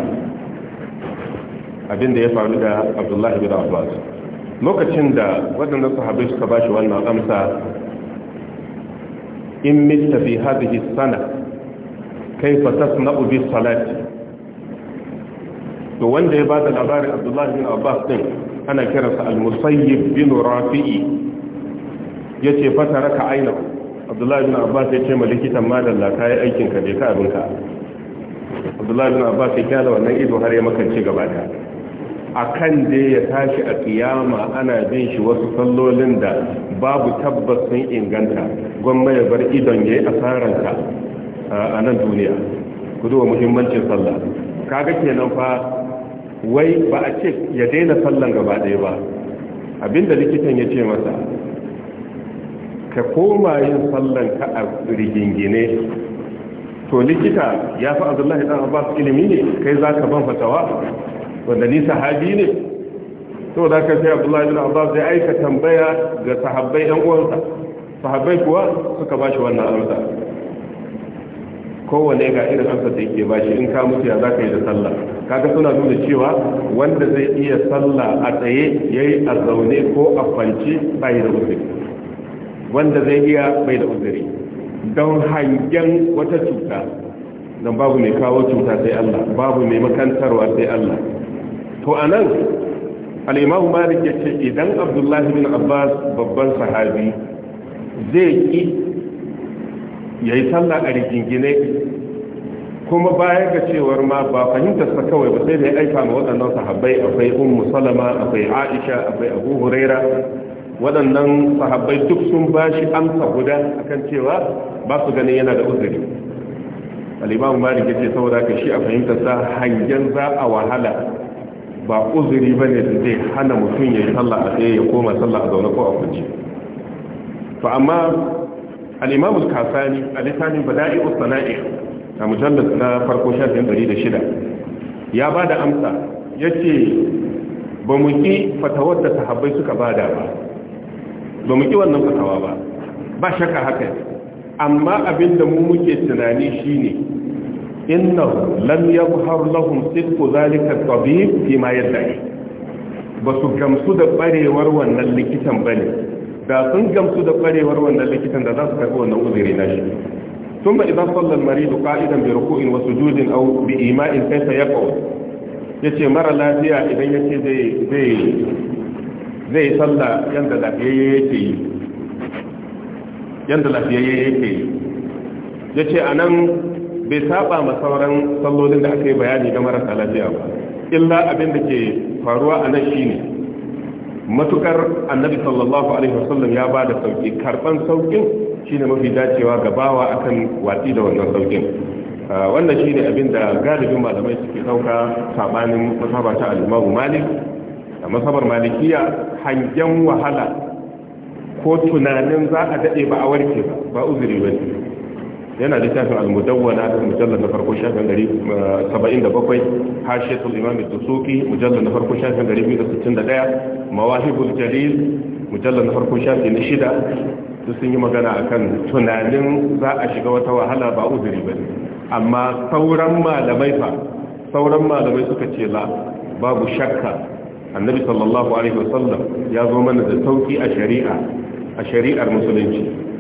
abin da ya faru da abdullahi ibn Abbas lokacin da waɗannan sahabbai suka bashi wannan amsa in mitta fi hadhihi sana kaifa tasna'u bis salati to wanda ya bada labarin Abdullahi bin Abbas din ana kiransa al-Musayyib bin Rafi'i yace fatara ka aina Abdullahi bin Abbas yace ma likitan madalla kai aikin ka je ka abinka Abdullahi bin Abbas ya kyala wannan ido har ya makance gaba da akan da ya tashi a kiyama ana bin shi wasu sallolin da babu tabbas sun inganta gwamnati ya bar idon yayi asaranka a nan duniya ku duba muhimmancin sallah ga kenan fa wai ba a ce ya daina sallan gaba ɗaya ba abinda likitan ya ce masa ka koma yin sallan ka a rigingine to likita ya fi abdullahi dan abbas ilimi ne kai za ka ban fatawa wanda ni sahabi ne to da ka sai abdullahi dan abbas zai aika tambaya ga sahabbai yan uwansa sahabbai kuwa suka ba shi wannan amsa kowane ga irin amsa da yake ba shi in ka mutu ya za ka yi da sallah kaga suna nuna cewa wanda zai iya sallah a tsaye yayi a zaune ko a kwance bai da uzuri wanda zai iya bai da uzuri don hangen wata cuta don babu mai kawo cuta sai Allah babu mai makantarwa sai Allah to anan al-Imam Malik yace idan Abdullahi bin Abbas babban sahabi zai ki ya yi sallah a rigingine kuma baya ga cewar ma ba sa kawai ba sai da ya aika ma waɗannan sahabbai akwai un salama akwai aisha akwai abu huraira waɗannan sahabbai duk sun ba shi amsa guda akan cewa ba su ganin yana da uzuri alimamu ma ya ce saboda ka shi a fahimtarsa hangen za a wahala ba uzuri ba ne da zai hana mutum ya yi sallah a tsaye ya koma sallah a zaune ko a kwanci to amma al-imam al-kasani a littafin bada'i'us sana'i a mujallad na farko shafin 106 ya bada amsa yace ba mu ki fatawar da sahabbai suka bada ba ba mu ki wannan fatawa ba ba shakka haka amma abinda mu muke tunani shine innahu lam yabhar lahum sidqu zalika at fi ma yadda'i ba su gamsu da barewar wannan likitan bane da sun gamsu da kwarewar wannan likitan da za su karɓi wannan uzuri na shi ثم إذا صلى المريض قائدا بركوع وسجود أو ya كيف ya ce mara lafiya idan ya ce zai salla yanda lafiyayye yake yi yanda lafiyayye yake yi a anan bai saba ma sauran sallolin da aka yi bayani ga marasa lafiya ba illa abin da ke faruwa a nan shi ne. matukar annabi sallallahu alaihi wasallam ya ba da sauki karban saukin shine mafi dacewa ga bawa akan watsi da wannan saukin ah, wannan shine abin da galibin malamai suke dauka sabanin masaba ta al-Imam Malik da masabar Malikiya hangen wahala ko tunanin za a dade ba a warke ba ba uzuri bane yana littafin al-mudawwana mujallal na farko shafin gari 77 eh, hashiyatul imam ad-dusuki mujallal na farko shafin gari 261 mawahibul jalil mujallal na farko shafin na shida duk sun yi magana akan tunanin za a shiga wata wahala ba uzuri ba amma sauran malamai fa sauran malamai suka ce la babu shakka annabi sallallahu alaihi wasallam ya zo mana da sauki a shari'a a shari'ar musulunci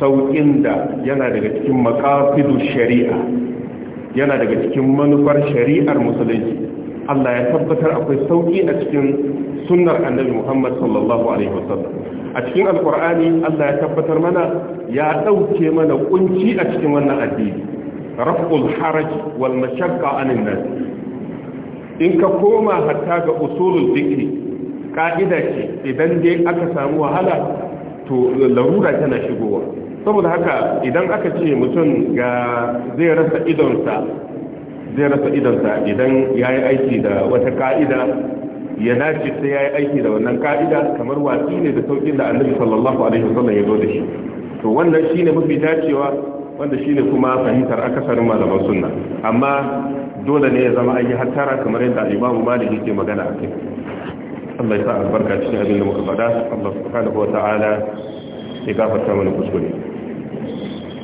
sauƙin da yana daga cikin makafidu shari'a yana daga cikin manufar shari'ar musulunci Allah ya tabbatar akwai sauƙi a cikin sunnar annabi Muhammad sallallahu alaihi wasallam a cikin alqur'ani Allah ya tabbatar mana ya dauke mana kunci a cikin wannan addini raf'ul haraj wal mashaqqa anin nas in ka koma hatta ga usulul fiqh ka'ida ce idan dai aka samu wahala to larura tana shigowa saboda haka idan aka ce mutum ga zai rasa idonsa zai rasa idonsa idan ya yi aiki da wata ka'ida ya dace sai ya yi aiki da wannan ka'ida kamar watsi ne da saukin da annabi sallallahu alaihi wasallam ya zo da shi to wannan shi ne mafi dacewa wanda ne kuma fahimtar akasarin malaman sunna amma dole ne ya zama an yi hattara kamar yadda imamu maliki ke magana a kai Allah ya sa albarka cikin abin da muka faɗa Allah subhanahu wa ya gafarta mana kuskure